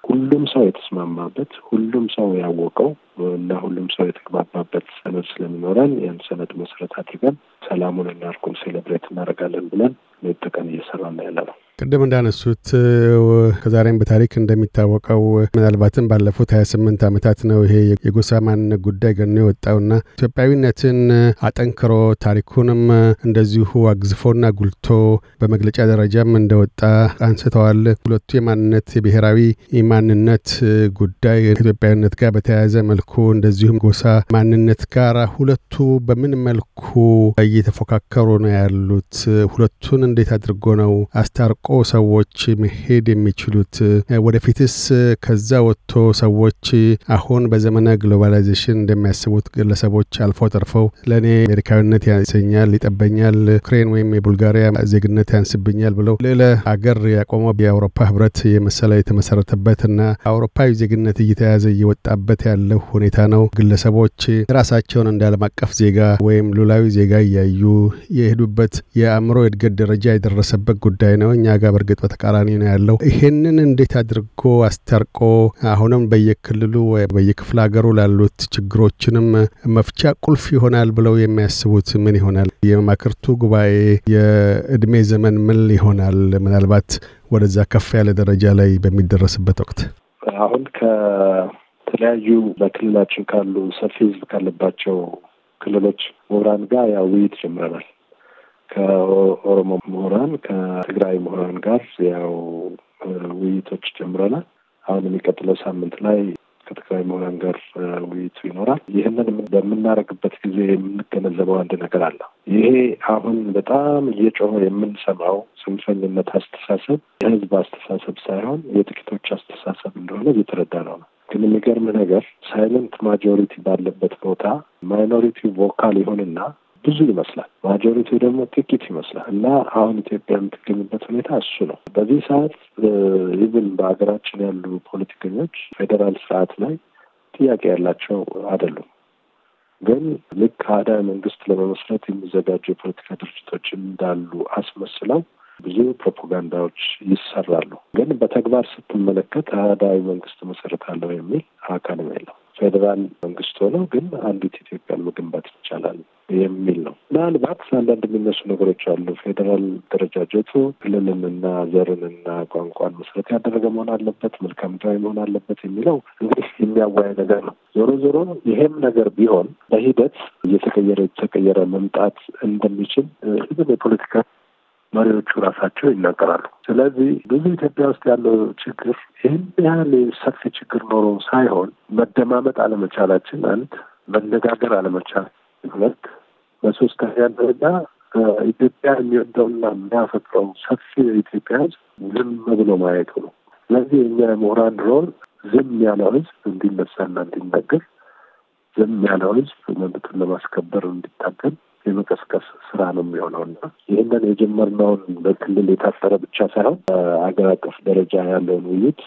ሁሉም ሰው የተስማማበት ሁሉም ሰው ያወቀው እና ሁሉም ሰው የተግባባበት ሰነድ ስለሚኖረን ያን ሰነድ መሰረት አድርገን ሰላሙን እና እርቁን ሴሌብሬት እናደርጋለን ብለን ሌት ተቀን ነው ያለ ነው። ቅድም እንዳነሱት ከዛሬም በታሪክ እንደሚታወቀው ምናልባትም ባለፉት 28 ዓመታት ነው ይሄ የጎሳ ማንነት ጉዳይ ገኖ የወጣውና ኢትዮጵያዊነትን አጠንክሮ ታሪኩንም እንደዚሁ አግዝፎና ጉልቶ በመግለጫ ደረጃም እንደወጣ አንስተዋል። ሁለቱ የማንነት የብሔራዊ የማንነት ጉዳይ ከኢትዮጵያዊነት ጋር በተያያዘ መልኩ እንደዚሁም ጎሳ ማንነት ጋር ሁለቱ በምን መልኩ እየተፎካከሩ ነው ያሉት? ሁለቱን እንዴት አድርጎ ነው አስታርቆ አርቆ ሰዎች መሄድ የሚችሉት? ወደፊትስ ከዛ ወጥቶ ሰዎች አሁን በዘመነ ግሎባላይዜሽን እንደሚያስቡት ግለሰቦች አልፎ ተርፈው ለእኔ አሜሪካዊነት ያንሰኛል፣ ይጠበኛል፣ ዩክሬን ወይም የቡልጋሪያ ዜግነት ያንስብኛል ብለው ሌለ አገር ያቆመው የአውሮፓ ህብረት የመሰለ የተመሰረተበት እና አውሮፓዊ ዜግነት እየተያዘ እየወጣበት ያለው ሁኔታ ነው። ግለሰቦች ራሳቸውን እንደ ዓለም አቀፍ ዜጋ ወይም ሉላዊ ዜጋ እያዩ የሄዱበት የአእምሮ እድገት ደረጃ የደረሰበት ጉዳይ ነው። እኛ ጋር በእርግጥ በተቃራኒ ነው ያለው። ይሄንን እንዴት አድርጎ አስታርቆ አሁንም በየክልሉ በየክፍለ ሀገሩ ላሉት ችግሮችንም መፍቻ ቁልፍ ይሆናል ብለው የሚያስቡት ምን ይሆናል? የመማክርቱ ጉባኤ የእድሜ ዘመን ምን ይሆናል? ምናልባት ወደዛ ከፍ ያለ ደረጃ ላይ በሚደረስበት ወቅት አሁን ከተለያዩ በክልላችን ካሉ ሰፊ ህዝብ ካለባቸው ክልሎች ምሁራን ጋር ያው ውይይት ጀምረናል። ከኦሮሞ ምሁራን ከትግራይ ምሁራን ጋር ያው ውይይቶች ጀምረናል። አሁን የሚቀጥለው ሳምንት ላይ ከትግራይ ምሁራን ጋር ውይይቱ ይኖራል። ይህንን በምናደርግበት ጊዜ የምንገነዘበው አንድ ነገር አለ። ይሄ አሁን በጣም እየጮኸ የምንሰማው ጽንፈኝነት አስተሳሰብ የህዝብ አስተሳሰብ ሳይሆን የጥቂቶች አስተሳሰብ እንደሆነ እየተረዳ ነው። ግን የሚገርም ነገር ሳይለንት ማጆሪቲ ባለበት ቦታ ማይኖሪቲው ቮካል ይሆንና ብዙ ይመስላል፣ ማጆሪቲው ደግሞ ጥቂት ይመስላል እና አሁን ኢትዮጵያ የምትገኝበት ሁኔታ እሱ ነው። በዚህ ሰዓት ኢቭን በሀገራችን ያሉ ፖለቲከኞች ፌዴራል ስርዓት ላይ ጥያቄ ያላቸው አይደሉም። ግን ልክ አዳ መንግስት ለመመስረት የሚዘጋጁ የፖለቲካ ድርጅቶች እንዳሉ አስመስለው ብዙ ፕሮፓጋንዳዎች ይሰራሉ። ግን በተግባር ስትመለከት አዳዊ መንግስት መሰረታለሁ የሚል አካልም የለው። ፌዴራል መንግስት ሆነው ግን አንዲት ኢትዮጵያን መገንባት ይቻላል የሚል ነው። ምናልባት አንዳንድ የሚነሱ ነገሮች አሉ። ፌዴራል ደረጃጀቱ ክልልንና ዘርንና ቋንቋን መሰረት ያደረገ መሆን አለበት፣ መልክዓ ምድራዊ መሆን አለበት የሚለው እንግዲህ የሚያዋይ ነገር ነው። ዞሮ ዞሮ ይሄም ነገር ቢሆን በሂደት እየተቀየረ የተቀየረ መምጣት እንደሚችል ህዝብ የፖለቲካ መሪዎቹ ራሳቸው ይናገራሉ። ስለዚህ ብዙ ኢትዮጵያ ውስጥ ያለው ችግር ይህን ያህል ሰፊ ችግር ኖሮ ሳይሆን መደማመጥ አለመቻላችን አንድ፣ መነጋገር አለመቻል ሁለት፣ በሶስተኛ ደረጃ ኢትዮጵያ የሚወደውና የሚያፈቅረው ሰፊ ኢትዮጵያ ሕዝብ ዝም ብሎ ማየቱ ነው። ስለዚህ እኛ የምሁራን ሮል ዝም ያለው ሕዝብ እንዲነሳና እንዲነገር ዝም ያለው ሕዝብ መብቱን ለማስከበር እንዲታገል የመቀስቀስ ስራ ነው የሚሆነው እና ይህንን የጀመርነውን በክልል የታሰረ ብቻ ሳይሆን አገር አቀፍ ደረጃ ያለውን ውይይት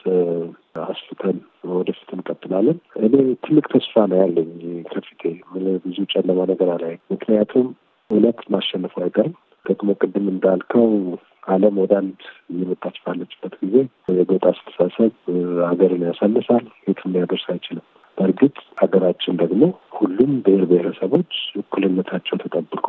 አስፍተን ወደፊት እንቀጥላለን። እኔ ትልቅ ተስፋ ነው ያለኝ ከፊቴ ብዙ ጨለማ ነገር አላይ። ምክንያቱም እውነት ማሸነፉ አይቀርም። ደግሞ ቅድም እንዳልከው ዓለም ወደ አንድ እየመጣች ባለችበት ጊዜ የጎጥ አስተሳሰብ ሀገርን ያሳንሳል፣ የትም ሊያደርስ አይችልም። በእርግጥ ሀገራችን ደግሞ ሁሉም ብሔር ብሔረሰቦች እኩልነታቸው ተጠብቆ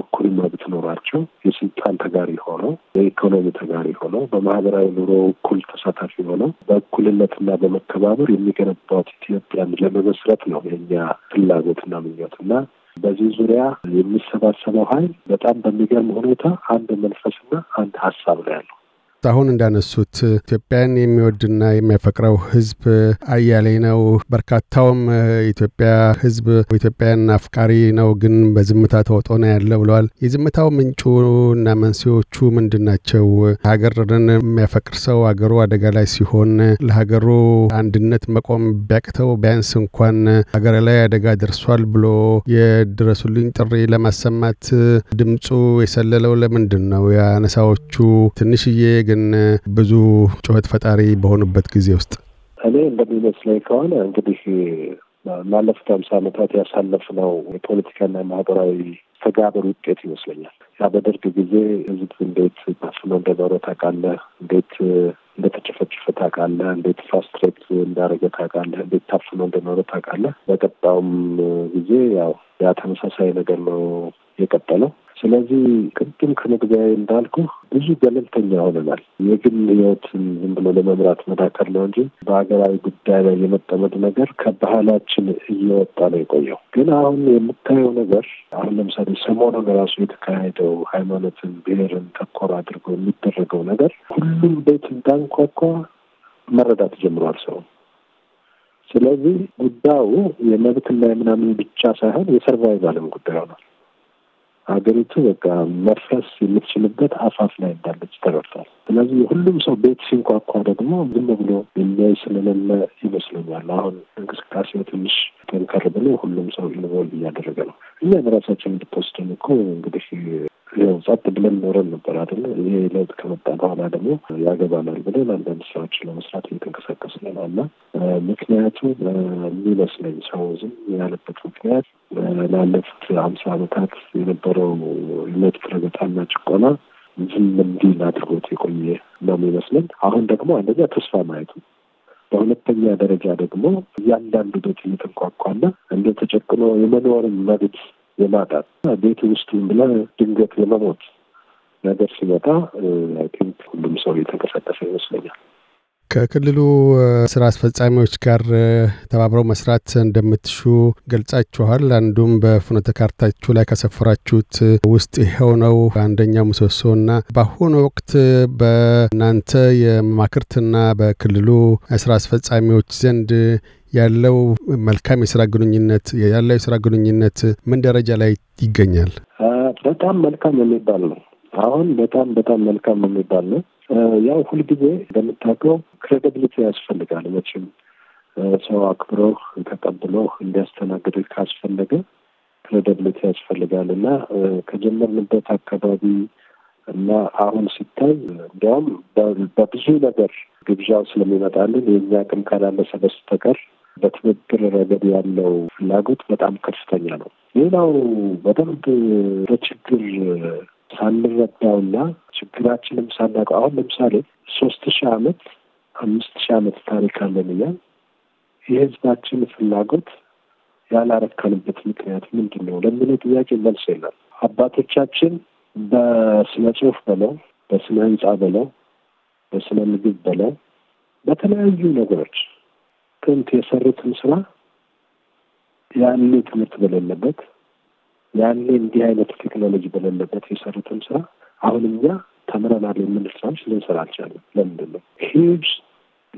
እኩል መብት ኖሯቸው የስልጣን ተጋሪ ሆነው የኢኮኖሚ ተጋሪ ሆነው በማህበራዊ ኑሮ እኩል ተሳታፊ ሆነው በእኩልነትና በመከባበር የሚገነባት ኢትዮጵያን ለመመስረት ነው የእኛ ፍላጎትና ምኞትና በዚህ ዙሪያ የሚሰባሰበው ኃይል በጣም በሚገርም ሁኔታ አንድ መንፈስና አንድ ሀሳብ ነው ያለው። አሁን እንዳነሱት ኢትዮጵያን የሚወድና የሚያፈቅረው ህዝብ አያሌ ነው። በርካታውም ኢትዮጵያ ህዝብ ኢትዮጵያን አፍቃሪ ነው፣ ግን በዝምታ ተውጦ ነው ያለ ብለዋል። የዝምታው ምንጩ እና መንስኤዎቹ ምንድን ናቸው? ሀገርን የሚያፈቅር ሰው ሀገሩ አደጋ ላይ ሲሆን ለሀገሩ አንድነት መቆም ቢያቅተው ቢያንስ እንኳን ሀገር ላይ አደጋ ደርሷል ብሎ የድረሱልኝ ጥሪ ለማሰማት ድምፁ የሰለለው ለምንድን ነው? የአነሳዎቹ ትንሽዬ ግን ብዙ ጩኸት ፈጣሪ በሆኑበት ጊዜ ውስጥ እኔ እንደሚመስለኝ ከሆነ እንግዲህ ላለፉት አመታት ዓመታት ያሳለፍነው የፖለቲካና የማህበራዊ ተጋብር ውጤት ይመስለኛል። ያ በደርግ ጊዜ ህዝብ እንዴት ታፍኖ እንደኖረ ታውቃለህ። እንዴት እንደተጨፈጨፈ ታውቃለህ። እንዴት ፋስትሬት እንዳደረገ ታውቃለህ። እንዴት ታፍኖ እንደኖረ ታውቃለህ። በቀጣውም ጊዜ ያው ያ ተመሳሳይ ነገር ነው የቀጠለው። ስለዚህ ቅድም ከመግቢያዬ እንዳልኩ ብዙ ገለልተኛ ሆነናል። የግል ህይወትን ዝም ብሎ ለመምራት መዳከር ነው እንጂ በሀገራዊ ጉዳይ ላይ የመጠመድ ነገር ከባህላችን እየወጣ ነው የቆየው። ግን አሁን የምታየው ነገር አሁን ለምሳሌ ሰሞኑን ራሱ የተካሄደው ሃይማኖትን፣ ብሔርን ተኮር አድርጎ የሚደረገው ነገር ሁሉም ቤት እንዳንኳኳ መረዳት ጀምሯል ሰው። ስለዚህ ጉዳዩ የመብትና የምናምን ብቻ ሳይሆን የሰርቫይቫልም ጉዳይ ሆኗል። ሀገሪቱ በቃ መፍረስ የምትችልበት አፋፍ ላይ እንዳለች ተረድቷል። ስለዚህ ሁሉም ሰው ቤት ሲንኳኳ ደግሞ ዝም ብሎ የሚያይ ስለሌለ ይመስለኛል። አሁን እንቅስቃሴው ትንሽ ጠንከር ብሎ ሁሉም ሰው ኢንቮልቭ እያደረገ ነው። እኛ ራሳችን እንድትወስደን እኮ እንግዲህ ያው ጸጥ ብለን ኖረን ነበር አደለ። ይሄ ለውጥ ከመጣ በኋላ ደግሞ ያገባናል ብለን አንዳንድ ስራዎችን ለመስራት እየተንቀሳቀስን ነው እና ምክንያቱ የሚመስለኝ ሰው ዝም ያለበት ምክንያት ላለፉት አምሳ ዓመታት የነበረው የመብት ረገጣና ጭቆና ዝም እንዲል አድርጎት የቆየ ነው የሚመስለኝ። አሁን ደግሞ አንደኛ ተስፋ ማየቱ በሁለተኛ ደረጃ ደግሞ እያንዳንዱ ቤት እየተንኳኳና እንደ ተጨቅኖ የመኖርን መብት የማጣት ቤት ውስጥ ብለህ ድንገት የመሞት ነገር ሲመጣ አይ ቲንክ ሁሉም ሰው የተንቀሳቀሰ ይመስለኛል። ከክልሉ ስራ አስፈጻሚዎች ጋር ተባብረው መስራት እንደምትሹ ገልጻችኋል። አንዱም በፍኖተ ካርታችሁ ላይ ከሰፈራችሁት ውስጥ ይኸው ነው አንደኛው ምሰሶ እና በአሁኑ ወቅት በእናንተ የመማክርትና በክልሉ ስራ አስፈጻሚዎች ዘንድ ያለው መልካም የስራ ግንኙነት ያለው የስራ ግንኙነት ምን ደረጃ ላይ ይገኛል? በጣም መልካም የሚባል ነው። አሁን በጣም በጣም መልካም የሚባል ነው። ያው ሁልጊዜ እንደምታውቀው ክሬዲብሊቲ ያስፈልጋል። መቼም ሰው አክብሮህ ተቀብሎህ እንዲያስተናግድህ ካስፈለገ ክሬዲብሊቲ ያስፈልጋል እና ከጀመርንበት አካባቢ እና አሁን ሲታይ እንዲያውም በብዙ ነገር ግብዣው ስለሚመጣልን የእኛ አቅም ካላለሰ በስተቀር በትብብር ረገድ ያለው ፍላጎት በጣም ከፍተኛ ነው። ሌላው በደንብ በችግር ሳንረዳውና ችግራችንም ሳናውቀው አሁን ለምሳሌ ሶስት ሺህ ዓመት አምስት ሺህ ዓመት ታሪክ አለን እያል የህዝባችን ፍላጎት ያላረካንበት ምክንያት ምንድን ነው ለሚለው ጥያቄ መልስ የለም። አባቶቻችን በስነ ጽሁፍ በለው፣ በስነ ህንጻ በለው፣ በስነ ምግብ በለው፣ በተለያዩ ነገሮች ጥንት የሰሩትን ስራ ያሉ ትምህርት በሌለበት ያኔ እንዲህ አይነት ቴክኖሎጂ በሌለበት የሰሩትን ስራ አሁን እኛ ተምረናል የምንል ስራዎች ልንሰራ አልቻለም። ለምንድን ነው ሂውጅ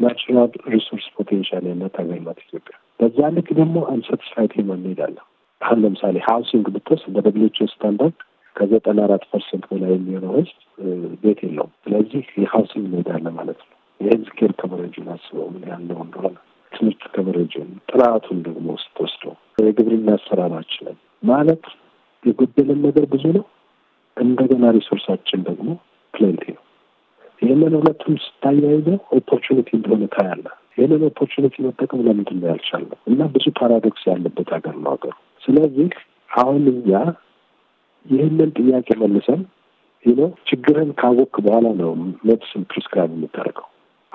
ናቹራል ሪሶርስ ፖቴንሻል ያላት ሀገር ናት ኢትዮጵያ። በዛ ልክ ደግሞ አንሳትስፋይድ ሂውማን ኒድ አለ። አሁን ለምሳሌ ሀውሲንግ ብትወስድ በደብሊውኤችኦ ስታንዳርድ ከዘጠና አራት ፐርሰንት በላይ የሚሆነው ህዝብ ቤት የለውም። ስለዚህ የሀውሲንግ ኒድ አለ ማለት ነው። የህዝብ ኬር ከቨሬጁን አስበው ምን ያለው እንደሆነ ትምህርት ከቨሬጁን ጥራቱን ደግሞ ስትወስደው የግብርና አሰራራችንን ማለት የጎደለን ነገር ብዙ ነው። እንደገና ሪሶርሳችን ደግሞ ፕሌንቲ ነው። ይህንን ሁለቱም ስታያይዘው ኦፖርቹኒቲ እንደሆነ ታያለ። ይህንን ኦፖርቹኒቲ መጠቀም ለምንድን ነው ያልቻልነው? እና ብዙ ፓራዶክስ ያለበት ሀገር ነው ሀገሩ። ስለዚህ አሁን እኛ ይህንን ጥያቄ መልሰን ነው ችግርን ካወቅ በኋላ ነው መድስን ፕሪስክራይብ የምታደርገው።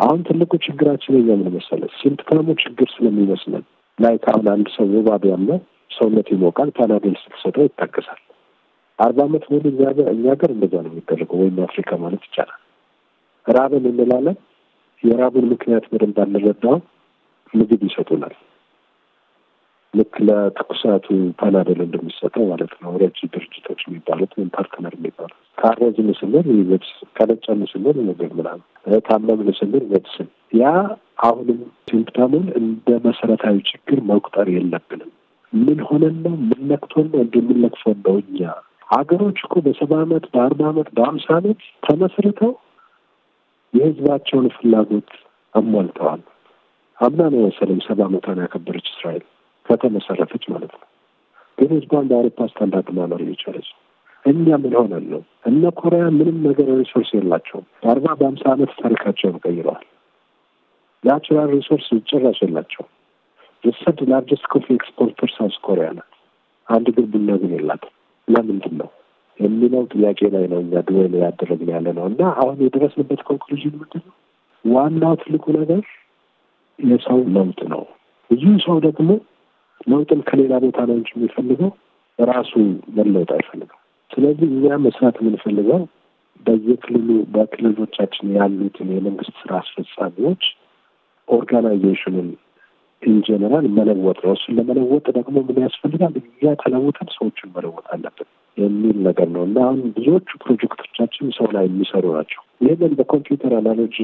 አሁን ትልቁ ችግራችን የኛ ምን መሰለህ? ሲምፕተሙ ችግር ስለሚመስለን ላይክ አሁን አንድ ሰው ወባ ቢያመው ሰውነት ይሞቃል። ፓናዴል ስትሰጠው ይታገሳል። አርባ አመት ሙሉ እኛ ሀገር እንደዛ ነው የሚደረገው፣ ወይም አፍሪካ ማለት ይቻላል። ራብን እንላለን። የራብን ምክንያት በደንብ አልረዳውም። ምግብ ይሰጡናል። ልክ ለትኩሳቱ ፓናዶል እንደሚሰጠው ማለት ነው። ረጅ ድርጅቶች የሚባሉት ወይም ፓርትነር የሚባሉት ካረዝን ምስምር ይበድስ ከነጨን ምስምር ምግብ ምናምን፣ ታመም ምስምር ሜዲሲን። ያ አሁንም ሲምፕታሙን እንደ መሰረታዊ ችግር መቁጠር የለብንም። ምን ሆነን ነው? ምን ነክቶን ነው? እንደምንለቅሰን ነው እኛ ሀገሮች እኮ በሰባ ዓመት በአርባ ዓመት በአምሳ ዓመት ተመስርተው የህዝባቸውን ፍላጎት አሟልተዋል። አምና ነው መሰለኝ ሰባ ዓመቷን ያከበረች እስራኤል ከተመሰረተች ማለት ነው። ግን ህዝቧን በአውሮፓ ስታንዳርድ ማኖር የቻለች እኛ ምን ሆነን ነው? እነ ኮሪያ ምንም ነገር ሪሶርስ የላቸውም። በአርባ በአምሳ ዓመት ታሪካቸውን ቀይረዋል። ናቹራል ሪሶርስ ጭራሽ የላቸውም። የሰድ ላርጀስት ኮፊ ኤክስፖርተር ሳውስ ኮሪያ ናት። አንድ ግን ቡና ግን የላት ለምንድን ነው የሚለው ጥያቄ ላይ ነው እኛ ድወይ ነው ያደረግን ያለ ነው። እና አሁን የደረስንበት ኮንክሉዥን ምንድን ነው? ዋናው ትልቁ ነገር የሰው ለውጥ ነው። ብዙ ሰው ደግሞ ለውጥን ከሌላ ቦታ ነው እንጂ የሚፈልገው ራሱ መለወጥ አይፈልገው። ስለዚህ እኛ መስራት የምንፈልገው በየክልሉ በክልሎቻችን ያሉትን የመንግስት ስራ አስፈጻሚዎች ኦርጋናይዜሽኑን ኢንጀነራል መለወጥ ነው። እሱን ለመለወጥ ደግሞ ምን ያስፈልጋል? እኛ ተለውጠን ሰዎችን መለወጥ አለብን የሚል ነገር ነው እና አሁን ብዙዎቹ ፕሮጀክቶቻችን ሰው ላይ የሚሰሩ ናቸው። ይህንን በኮምፒውተር አናሎጂ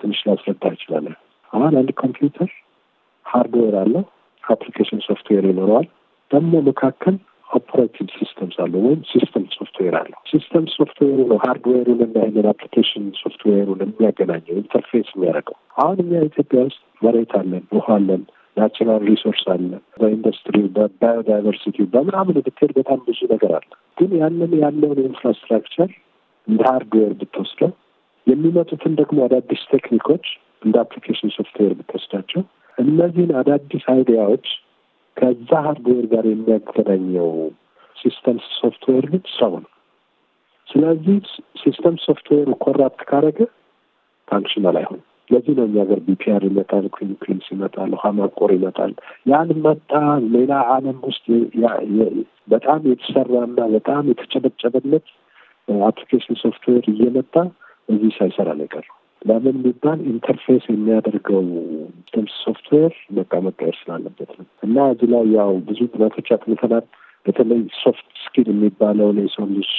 ትንሽ ላስረዳ ይችላለን። አሁን አንድ ኮምፒውተር ሃርድዌር አለው፣ አፕሊኬሽን ሶፍትዌር ይኖረዋል። ደግሞ መካከል ኦፕሬቲቭ ሲስተምስ አለ ወይም ሲስተም ሶፍትዌር አለ። ሲስተም ሶፍትዌሩ ነው ሃርድዌሩን እና ይህንን አፕሊኬሽን ሶፍትዌሩን የሚያገናኘው ኢንተርፌስ የሚያደርገው። አሁን እኛ ኢትዮጵያ ውስጥ መሬት አለን፣ ውሃ አለን፣ ሪሶርስ አለ፣ በኢንዱስትሪ፣ በባዮዳይቨርሲቲ በምናምን ብትሄድ በጣም ብዙ ነገር አለ። ግን ያንን ያለውን ኢንፍራስትራክቸር እንደ ሃርድዌር ብትወስደው የሚመጡትን ደግሞ አዳዲስ ቴክኒኮች እንደ አፕሊኬሽን ሶፍትዌር ብትወስዳቸው እነዚህን አዳዲስ አይዲያዎች ከዛ ሀርድዌር ጋር የሚያገናኘው ሲስተም ሶፍትዌር ግን ሰው ነው። ስለዚህ ሲስተም ሶፍትዌሩ ኮራፕት ካረገ ፋንክሽናል አይሆን። ለዚህ ነው እኛ ሀገር ቢፒአር ይመጣል፣ ኩዊን ይመጣል፣ ውሃ ማቆር ይመጣል። ያን መጣ ሌላ አለም ውስጥ በጣም የተሰራና በጣም የተጨበጨበለት አፕሊኬሽን uh, ሶፍትዌር እየመጣ እዚህ ሳይሰራ ነው ለምን የሚባል ኢንተርፌስ የሚያደርገው ሲስተም ሶፍትዌር በቃ መቀየር ስላለበት ነው እና እዚህ ላይ ያው ብዙ ጥናቶች አጥንተናል። በተለይ ሶፍት ስኪል የሚባለውን የሰው ልጅ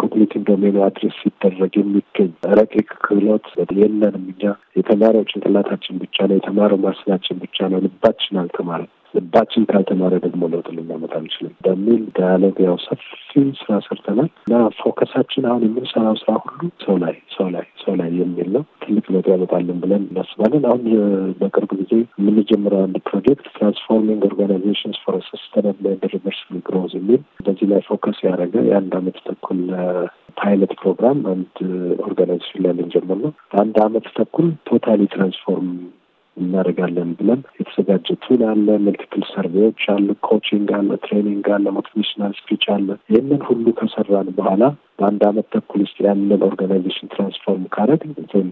ኮግኒቲቭ ዶሜን አድሬስ ሲደረግ የሚገኝ ረቂቅ ክህሎት የለንም። እኛ የተማሪዎችን ጭንቅላታችን ብቻ ነው የተማረው፣ ማስላችን ብቻ ነው፣ ልባችን አልተማረም። ልባችን ካልተማረ ደግሞ ለውጥ ልናመጣ አንችልም በሚል ዳያሎግ ያው ሰፊ ስራ ሰርተናል እና ፎከሳችን አሁን የምንሰራው ስራ ሁሉ ሰው ላይ ሰው ላይ ሰው ላይ የሚል ነው። ትልቅ ለውጥ ያመጣለን ብለን እናስባለን። አሁን በቅርብ ጊዜ የምንጀምረው አንድ ፕሮጀክት ትራንስፎርሚንግ ኦርጋናይዜሽን ፎር ሰስተናብል ኤንድ ሪቨርሲብል ግሮዝ የሚል በዚህ ላይ ፎከስ ያደረገ የአንድ አመት ተኩል ፓይለት uh, ፕሮግራም አንድ ኦርጋናይዜሽን uh, ላይ ልንጀምር ነው። አንድ አመት ተኩል ቶታሊ ትራንስፎርም እናደርጋለን ብለን የተዘጋጀ ቱል አለ፣ መልቲፕል ሰርቬዎች አለ፣ ኮችንግ አለ፣ ትሬኒንግ አለ፣ ሞቲቬሽናል ስፒች አለ። ይህንን ሁሉ ከሰራን በኋላ በአንድ አመት ተኩል ውስጥ ያንን ኦርጋናይዜሽን ትራንስፎርም ካረግ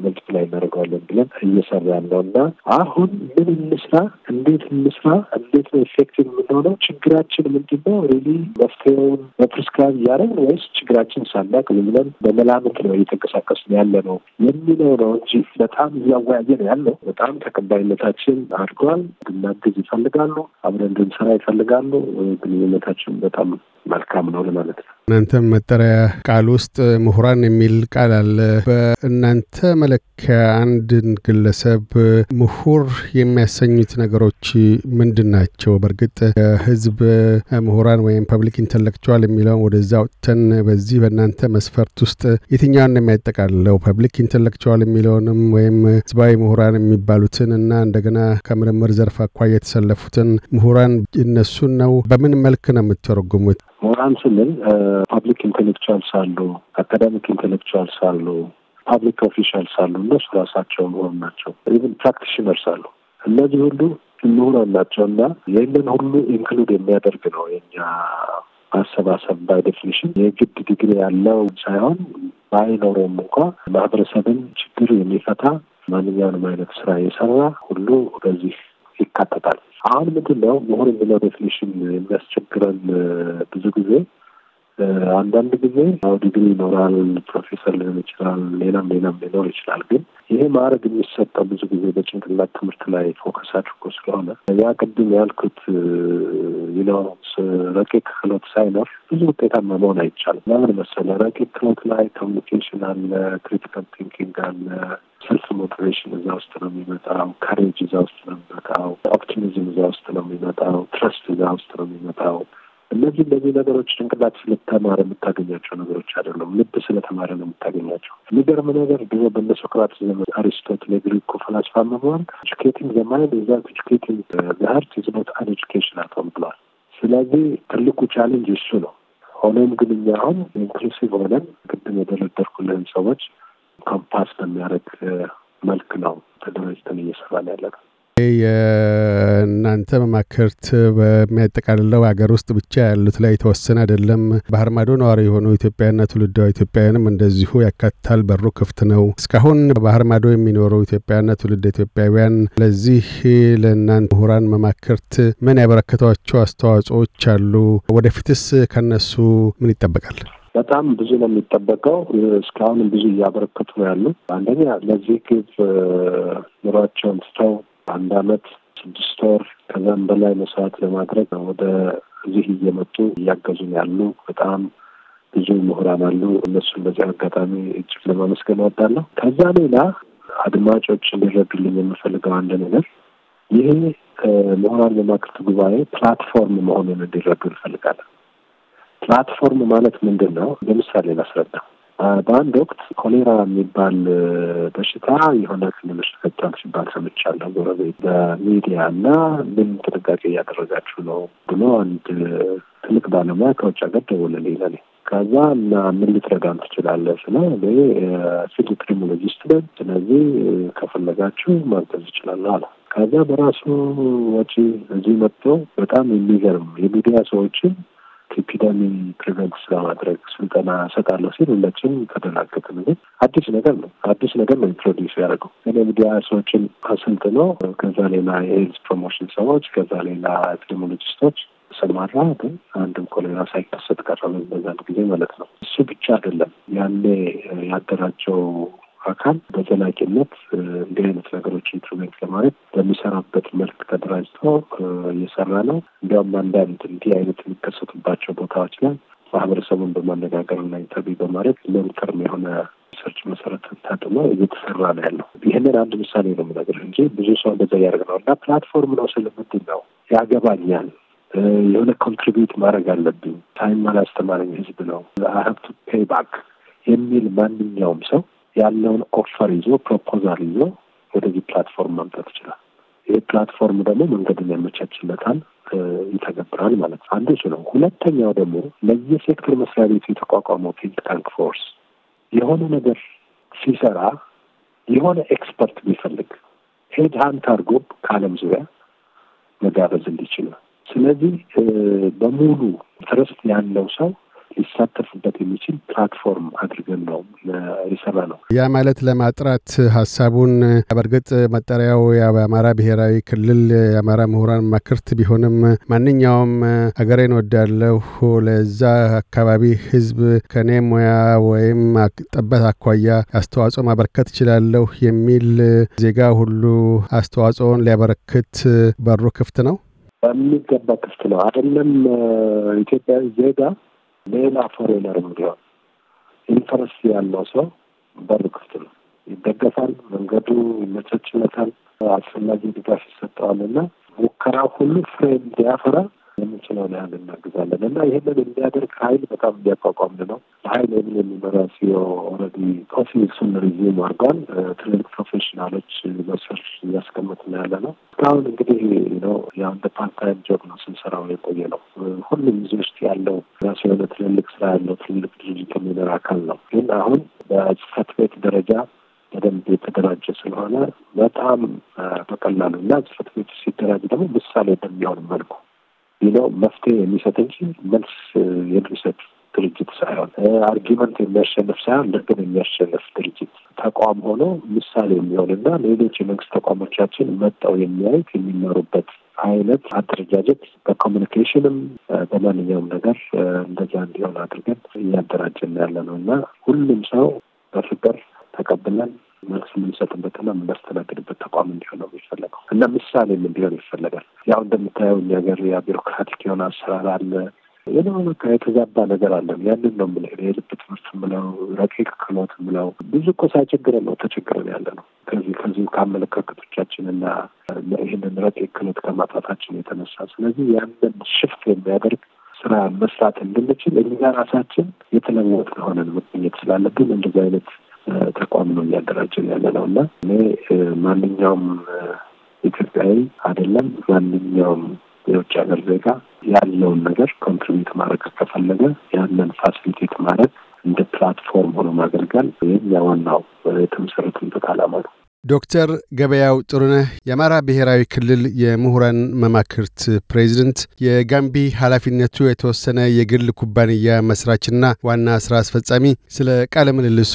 መልቲፕላይ እናደርገዋለን ብለን እየሰራን ነው እና አሁን ምን እንስራ፣ እንዴት እንስራ፣ እንዴት ነው ኢፌክቲቭ የምንሆነው፣ ችግራችን ምንድን ነው ሪሊ መፍትሄውን በፕሪስክራይብ እያደረግን ወይስ ችግራችን ሳናቅ ብለን በመላምት ነው እየተንቀሳቀስን ያለ ነው የሚለው ነው እንጂ በጣም እያወያየ ነው ያለው። በጣም ተቀባይነታችን አድገዋል። እናግዝ ይፈልጋሉ፣ አብረን እንድንሰራ ይፈልጋሉ። ግንኙነታችን በጣም መልካም ነው ለማለት ነው። እናንተም መጠሪያ ቃል ውስጥ ምሁራን የሚል ቃል አለ። በእናንተ መለኪያ አንድን ግለሰብ ምሁር የሚያሰኙት ነገሮች ምንድን ናቸው? በእርግጥ የህዝብ ምሁራን ወይም ፐብሊክ ኢንተሌክቹዋል የሚለውን ወደዛ አውጥተን በዚህ በእናንተ መስፈርት ውስጥ የትኛውን ነው የሚያጠቃልለው? ፐብሊክ ኢንተሌክቹዋል የሚለውንም ወይም ህዝባዊ ምሁራን የሚባሉትን እና እንደገና ከምርምር ዘርፍ አኳያ የተሰለፉትን ምሁራን እነሱን ነው በምን መልክ ነው የምትተረጉሙት? ምሁራን ስንል ፓብሊክ ኢንቴሌክቹዋልስ አሉ፣ አካዳሚክ ኢንቴሌክቹዋልስ አሉ፣ ፓብሊክ ኦፊሻልስ አሉ፣ እነሱ ራሳቸው ምሁራን ናቸው። ኢቨን ፕራክቲሽነርስ አሉ። እነዚህ ሁሉ ምሁራን ናቸው እና ይህንን ሁሉ ኢንክሉድ የሚያደርግ ነው የኛ ማሰባሰብ ባይ ዴፊኒሽን የግድ ዲግሪ ያለው ሳይሆን ባይኖረውም እንኳ ማህበረሰብን ችግር የሚፈታ ማንኛውንም አይነት ስራ የሰራ ሁሉ በዚህ ይካ አሁን ምንድን ነው መሆን የሚለው ዴፊኒሽን የሚያስቸግረን ብዙ ጊዜ አንዳንድ ጊዜ አው ዲግሪ ይኖራል፣ ፕሮፌሰር ሊሆን ይችላል፣ ሌላም ሌላም ሊኖር ይችላል። ግን ይሄ ማዕረግ የሚሰጠው ብዙ ጊዜ በጭንቅላት ትምህርት ላይ ፎከስ አድርጎ ስለሆነ ያ ቅድም ያልኩት ይነው ረቂቅ ክህሎት ሳይኖር ብዙ ውጤታማ መሆን አይቻልም። ለምን መሰለ ረቂቅ ክህሎት ላይ ኮሚኒኬሽን አለ፣ ክሪቲካል ቲንኪንግ አለ ሰልፍ ሞቲቬሽን እዛ ውስጥ ነው የሚመጣው። ካሬጅ እዛ ውስጥ ነው የሚመጣው። ኦፕቲሚዝም እዛ ውስጥ ነው የሚመጣው። ትረስት እዛ ውስጥ ነው የሚመጣው። እነዚህ እነዚህ ነገሮች ጭንቅላት ስለተማረ የምታገኛቸው ነገሮች አይደለም። ልብ ስለተማረ ነው የምታገኛቸው። የሚገርም ነገር ድሮ በነ ሶክራትስ ዘመን አሪስቶትል የግሪኩ ፈላስፋ መሆን ኤጁኬቲንግ ዘ ማይንድ ዊዛውት ኤጁኬቲንግ ዘ ሃርት ኢዝ ኖት አን ኤጁኬሽን አቶም ብለዋል። ስለዚህ ትልቁ ቻሌንጅ እሱ ነው። ሆኖም ግን እኛ አሁን ኢንክሉሲቭ ሆነን ቅድም የደረደርኩልህን ሰዎች ኮምፓስ በሚያደርግ መልክ ነው ተደራጅተን እየሰራን ያለነው። የእናንተ መማክርት በሚያጠቃልለው ሀገር ውስጥ ብቻ ያሉት ላይ የተወሰነ አይደለም። ባህር ማዶ ነዋሪ የሆኑ ኢትዮጵያና ትውልዳዊ ኢትዮጵያውያንም እንደዚሁ ያካትታል። በሩ ክፍት ነው። እስካሁን ባህር ማዶ የሚኖሩ ኢትዮጵያና ትውልድ ኢትዮጵያውያን ለዚህ ለእናንተ ምሁራን መማክርት ምን ያበረከቷቸው አስተዋጽኦዎች አሉ? ወደፊትስ ከነሱ ምን ይጠበቃል? በጣም ብዙ ነው የሚጠበቀው። እስካሁንም ብዙ እያበረከቱ ነው ያሉ። አንደኛ ለዚህ ግብ ኑሯቸውን ትተው አንድ አመት ስድስት ወር ከዛም በላይ መስዋዕት ለማድረግ ወደዚህ እየመጡ እያገዙን ያሉ በጣም ብዙ ምሁራን አሉ። እነሱን በዚህ አጋጣሚ እጅግ ለማመስገን እወዳለሁ። ከዛ ሌላ አድማጮች እንዲረዱልኝ የምፈልገው አንድ ነገር ይሄ ምሁራን መማክርት ጉባኤ ፕላትፎርም መሆኑን እንዲረዱ እንፈልጋለን። ፕላትፎርም ማለት ምንድን ነው? ለምሳሌ ላስረዳ። በአንድ ወቅት ኮሌራ የሚባል በሽታ የሆነ ክልሎች ተፈጠም ሲባል ሰምቻለሁ። ጎረቤት በሚዲያ እና ምን ጥንቃቄ እያደረጋችሁ ነው ብሎ አንድ ትልቅ ባለሙያ ከውጭ ሀገር ደወለልኝ ለኔ። ከዛ እና ምን ልትረዳም ትችላለህ ስለ ፊልድ ክሪሚኖሎጂስት ነኝ፣ ስለዚህ ከፈለጋችሁ ማገዝ እችላለሁ አለ። ከዛ በራሱ ወጪ እዚህ መጥቶ በጣም የሚገርም የሚዲያ ሰዎችን ከኢፒደሚ ፕሪቨንት ለማድረግ ስልጠና ሰጣለሁ ሲል ሁላችን ተደናገጥን። አዲስ ነገር ነው፣ አዲስ ነገር ነው ኢንትሮዲስ ያደርገው። እኔ ሚዲያ ሰዎችን አሰልጥኖ ከዛ ሌላ የሄልዝ ፕሮሞሽን ሰዎች፣ ከዛ ሌላ ኤፒዲሞሎጂስቶች ሰማራ ግን አንድም ኮሌራ ሳይከሰት ቀረበ በዛን ጊዜ ማለት ነው። እሱ ብቻ አይደለም ያኔ ያደራቸው አካል በዘላቂነት እንዲህ አይነት ነገሮች ኢንስትሩሜንት ለማድረግ በሚሰራበት መልክ ተደራጅቶ እየሰራ ነው። እንዲያውም አንዳንድ እንዲህ አይነት የሚከሰቱባቸው ቦታዎች ላይ ማህበረሰቡን በማነጋገርና ኢንተርቪው በማድረግ ሎንተርም የሆነ ሪሰርች መሰረት ታጥሞ እየተሰራ ነው ያለው። ይህንን አንድ ምሳሌ ነው የምነግርህ እንጂ ብዙ ሰው እንደዛ እያደረግ ነው እና ፕላትፎርም ነው ስል ምንድን ነው ያገባኛል የሆነ ኮንትሪቢዩት ማድረግ አለብኝ። ታይም አላስተማረኝ ህዝብ ነው ፔይ ባክ የሚል ማንኛውም ሰው ያለውን ኦፈር ይዞ ፕሮፖዛል ይዞ ወደዚህ ፕላትፎርም ማምጣት ይችላል። ይህ ፕላትፎርም ደግሞ መንገድን ያመቻችለታል፣ ይተገብራል ማለት ነው። አንዱ እሱ ነው። ሁለተኛው ደግሞ ለየሴክተር መስሪያ ቤቱ የተቋቋመው ቲንክ ታንክ ፎርስ የሆነ ነገር ሲሰራ የሆነ ኤክስፐርት ቢፈልግ ሄድ ሀንት አድርጎ ከዓለም ዙሪያ መጋበዝ እንዲችል ነው። ስለዚህ በሙሉ ትረስት ያለው ሰው ሊሳተፍበት የሚችል ፕላትፎርም አድርገን ነው የሰራ ነው። ያ ማለት ለማጥራት ሀሳቡን በእርግጥ መጠሪያው የአማራ ብሔራዊ ክልል የአማራ ምሁራን መክርት ቢሆንም ማንኛውም ሀገሬን ወዳለሁ ለዛ አካባቢ ህዝብ ከኔ ሙያ ወይም ጠበት አኳያ አስተዋጽኦ ማበረከት እችላለሁ የሚል ዜጋ ሁሉ አስተዋጽኦን ሊያበረክት በሩ ክፍት ነው። በሚገባ ክፍት ነው። አይደለም ኢትዮጵያ ዜጋ ሌላ ፎሬነር እንዲሆን ኢንተረስት ያለው ሰው በር ክፍት ነው። ይደገፋል፣ መንገዱ ይመቻችለታል፣ አስፈላጊ ድጋፍ ይሰጠዋል እና ሙከራ ሁሉ ፍሬ እንዲያፈራ የምንችለውን ያህል እናግዛለን እና ይህንን የሚያደርግ ሀይል በጣም እንዲያቋቋምን ነው። ሀይል የምን የሚመራ ሲዮ ኦልሬዲ ኦፊሱን ሪዚም አድርጓል። ትልልቅ ፕሮፌሽናሎች በስር እያስቀመጥን ያለ ነው። እስካሁን እንግዲህ ነው ያው እንደ ፓርታይም ጆብ ነው ስንሰራው የቆየ ነው። ሁሉም እዚህ ውስጥ ያለው ራሱ የሆነ ትልልቅ ስራ ያለው ትልልቅ ድርጅት የሚመራ አካል ነው። ግን አሁን በጽህፈት ቤት ደረጃ በደንብ የተደራጀ ስለሆነ በጣም በቀላሉ እና ጽህፈት ቤት ሲደራጅ ደግሞ ምሳሌ በሚሆን መልኩ ይነው መፍትሄ የሚሰጥ እንጂ መልስ የሚሰጥ ድርጅት ሳይሆን አርጊመንት የሚያሸንፍ ሳይሆን ልብን የሚያሸንፍ ድርጅት ተቋም ሆኖ ምሳሌ የሚሆንና ሌሎች የመንግስት ተቋሞቻችን መጠው የሚያዩት የሚመሩበት አይነት አደረጃጀት በኮሚኒኬሽንም በማንኛውም ነገር እንደዛ እንዲሆን አድርገን እያደራጀን ያለ ነው እና ሁሉም ሰው በፍቅር ተቀብለን መልስ የምንሰጥበትና የምናስተናግድበት ተቋም እንዲሆን ነው የሚፈለገው እና ምሳሌም እንዲሆን ይፈለጋል። ያው እንደምታየው እኛ ሀገር ያ ቢሮክራቲክ የሆነ አሰራር አለ። የደሞ በቃ የተዛባ ነገር አለን። ያንን ነው የምልህ የልብ ትምህርት የምለው ረቂቅ ክህሎት የምለው ብዙ እኮ ሳይቸግረን ነው ተቸግረን ያለ ነው ከዚህ ከዚሁ ከአመለካከቶቻችንና ይህንን ረቂቅ ክህሎት ከማጣታችን የተነሳ ስለዚህ ያንን ሽፍት የሚያደርግ ስራ መስራት እንድንችል እኛ ራሳችን የተለወጥ ከሆነን መገኘት ስላለብን እንደዚህ አይነት ተቋም ነው እያደራጀን ያለ ነው እና እኔ ማንኛውም ኢትዮጵያዊ አይደለም ማንኛውም የውጭ ሀገር ዜጋ ያለውን ነገር ኮንትሪቢዩት ማድረግ ከፈለገ ያንን ፋሲሊቴት ማድረግ እንደ ፕላትፎርም ሆኖ ማገልገል ወይም ያዋናው የተመሰረትንበት አላማ ነው። ዶክተር ገበያው ጥሩነህ የአማራ ብሔራዊ ክልል የምሁራን መማክርት ፕሬዚደንት፣ የጋምቢ ኃላፊነቱ የተወሰነ የግል ኩባንያ መስራችና ዋና ስራ አስፈጻሚ፣ ስለ ቃለ ምልልሱ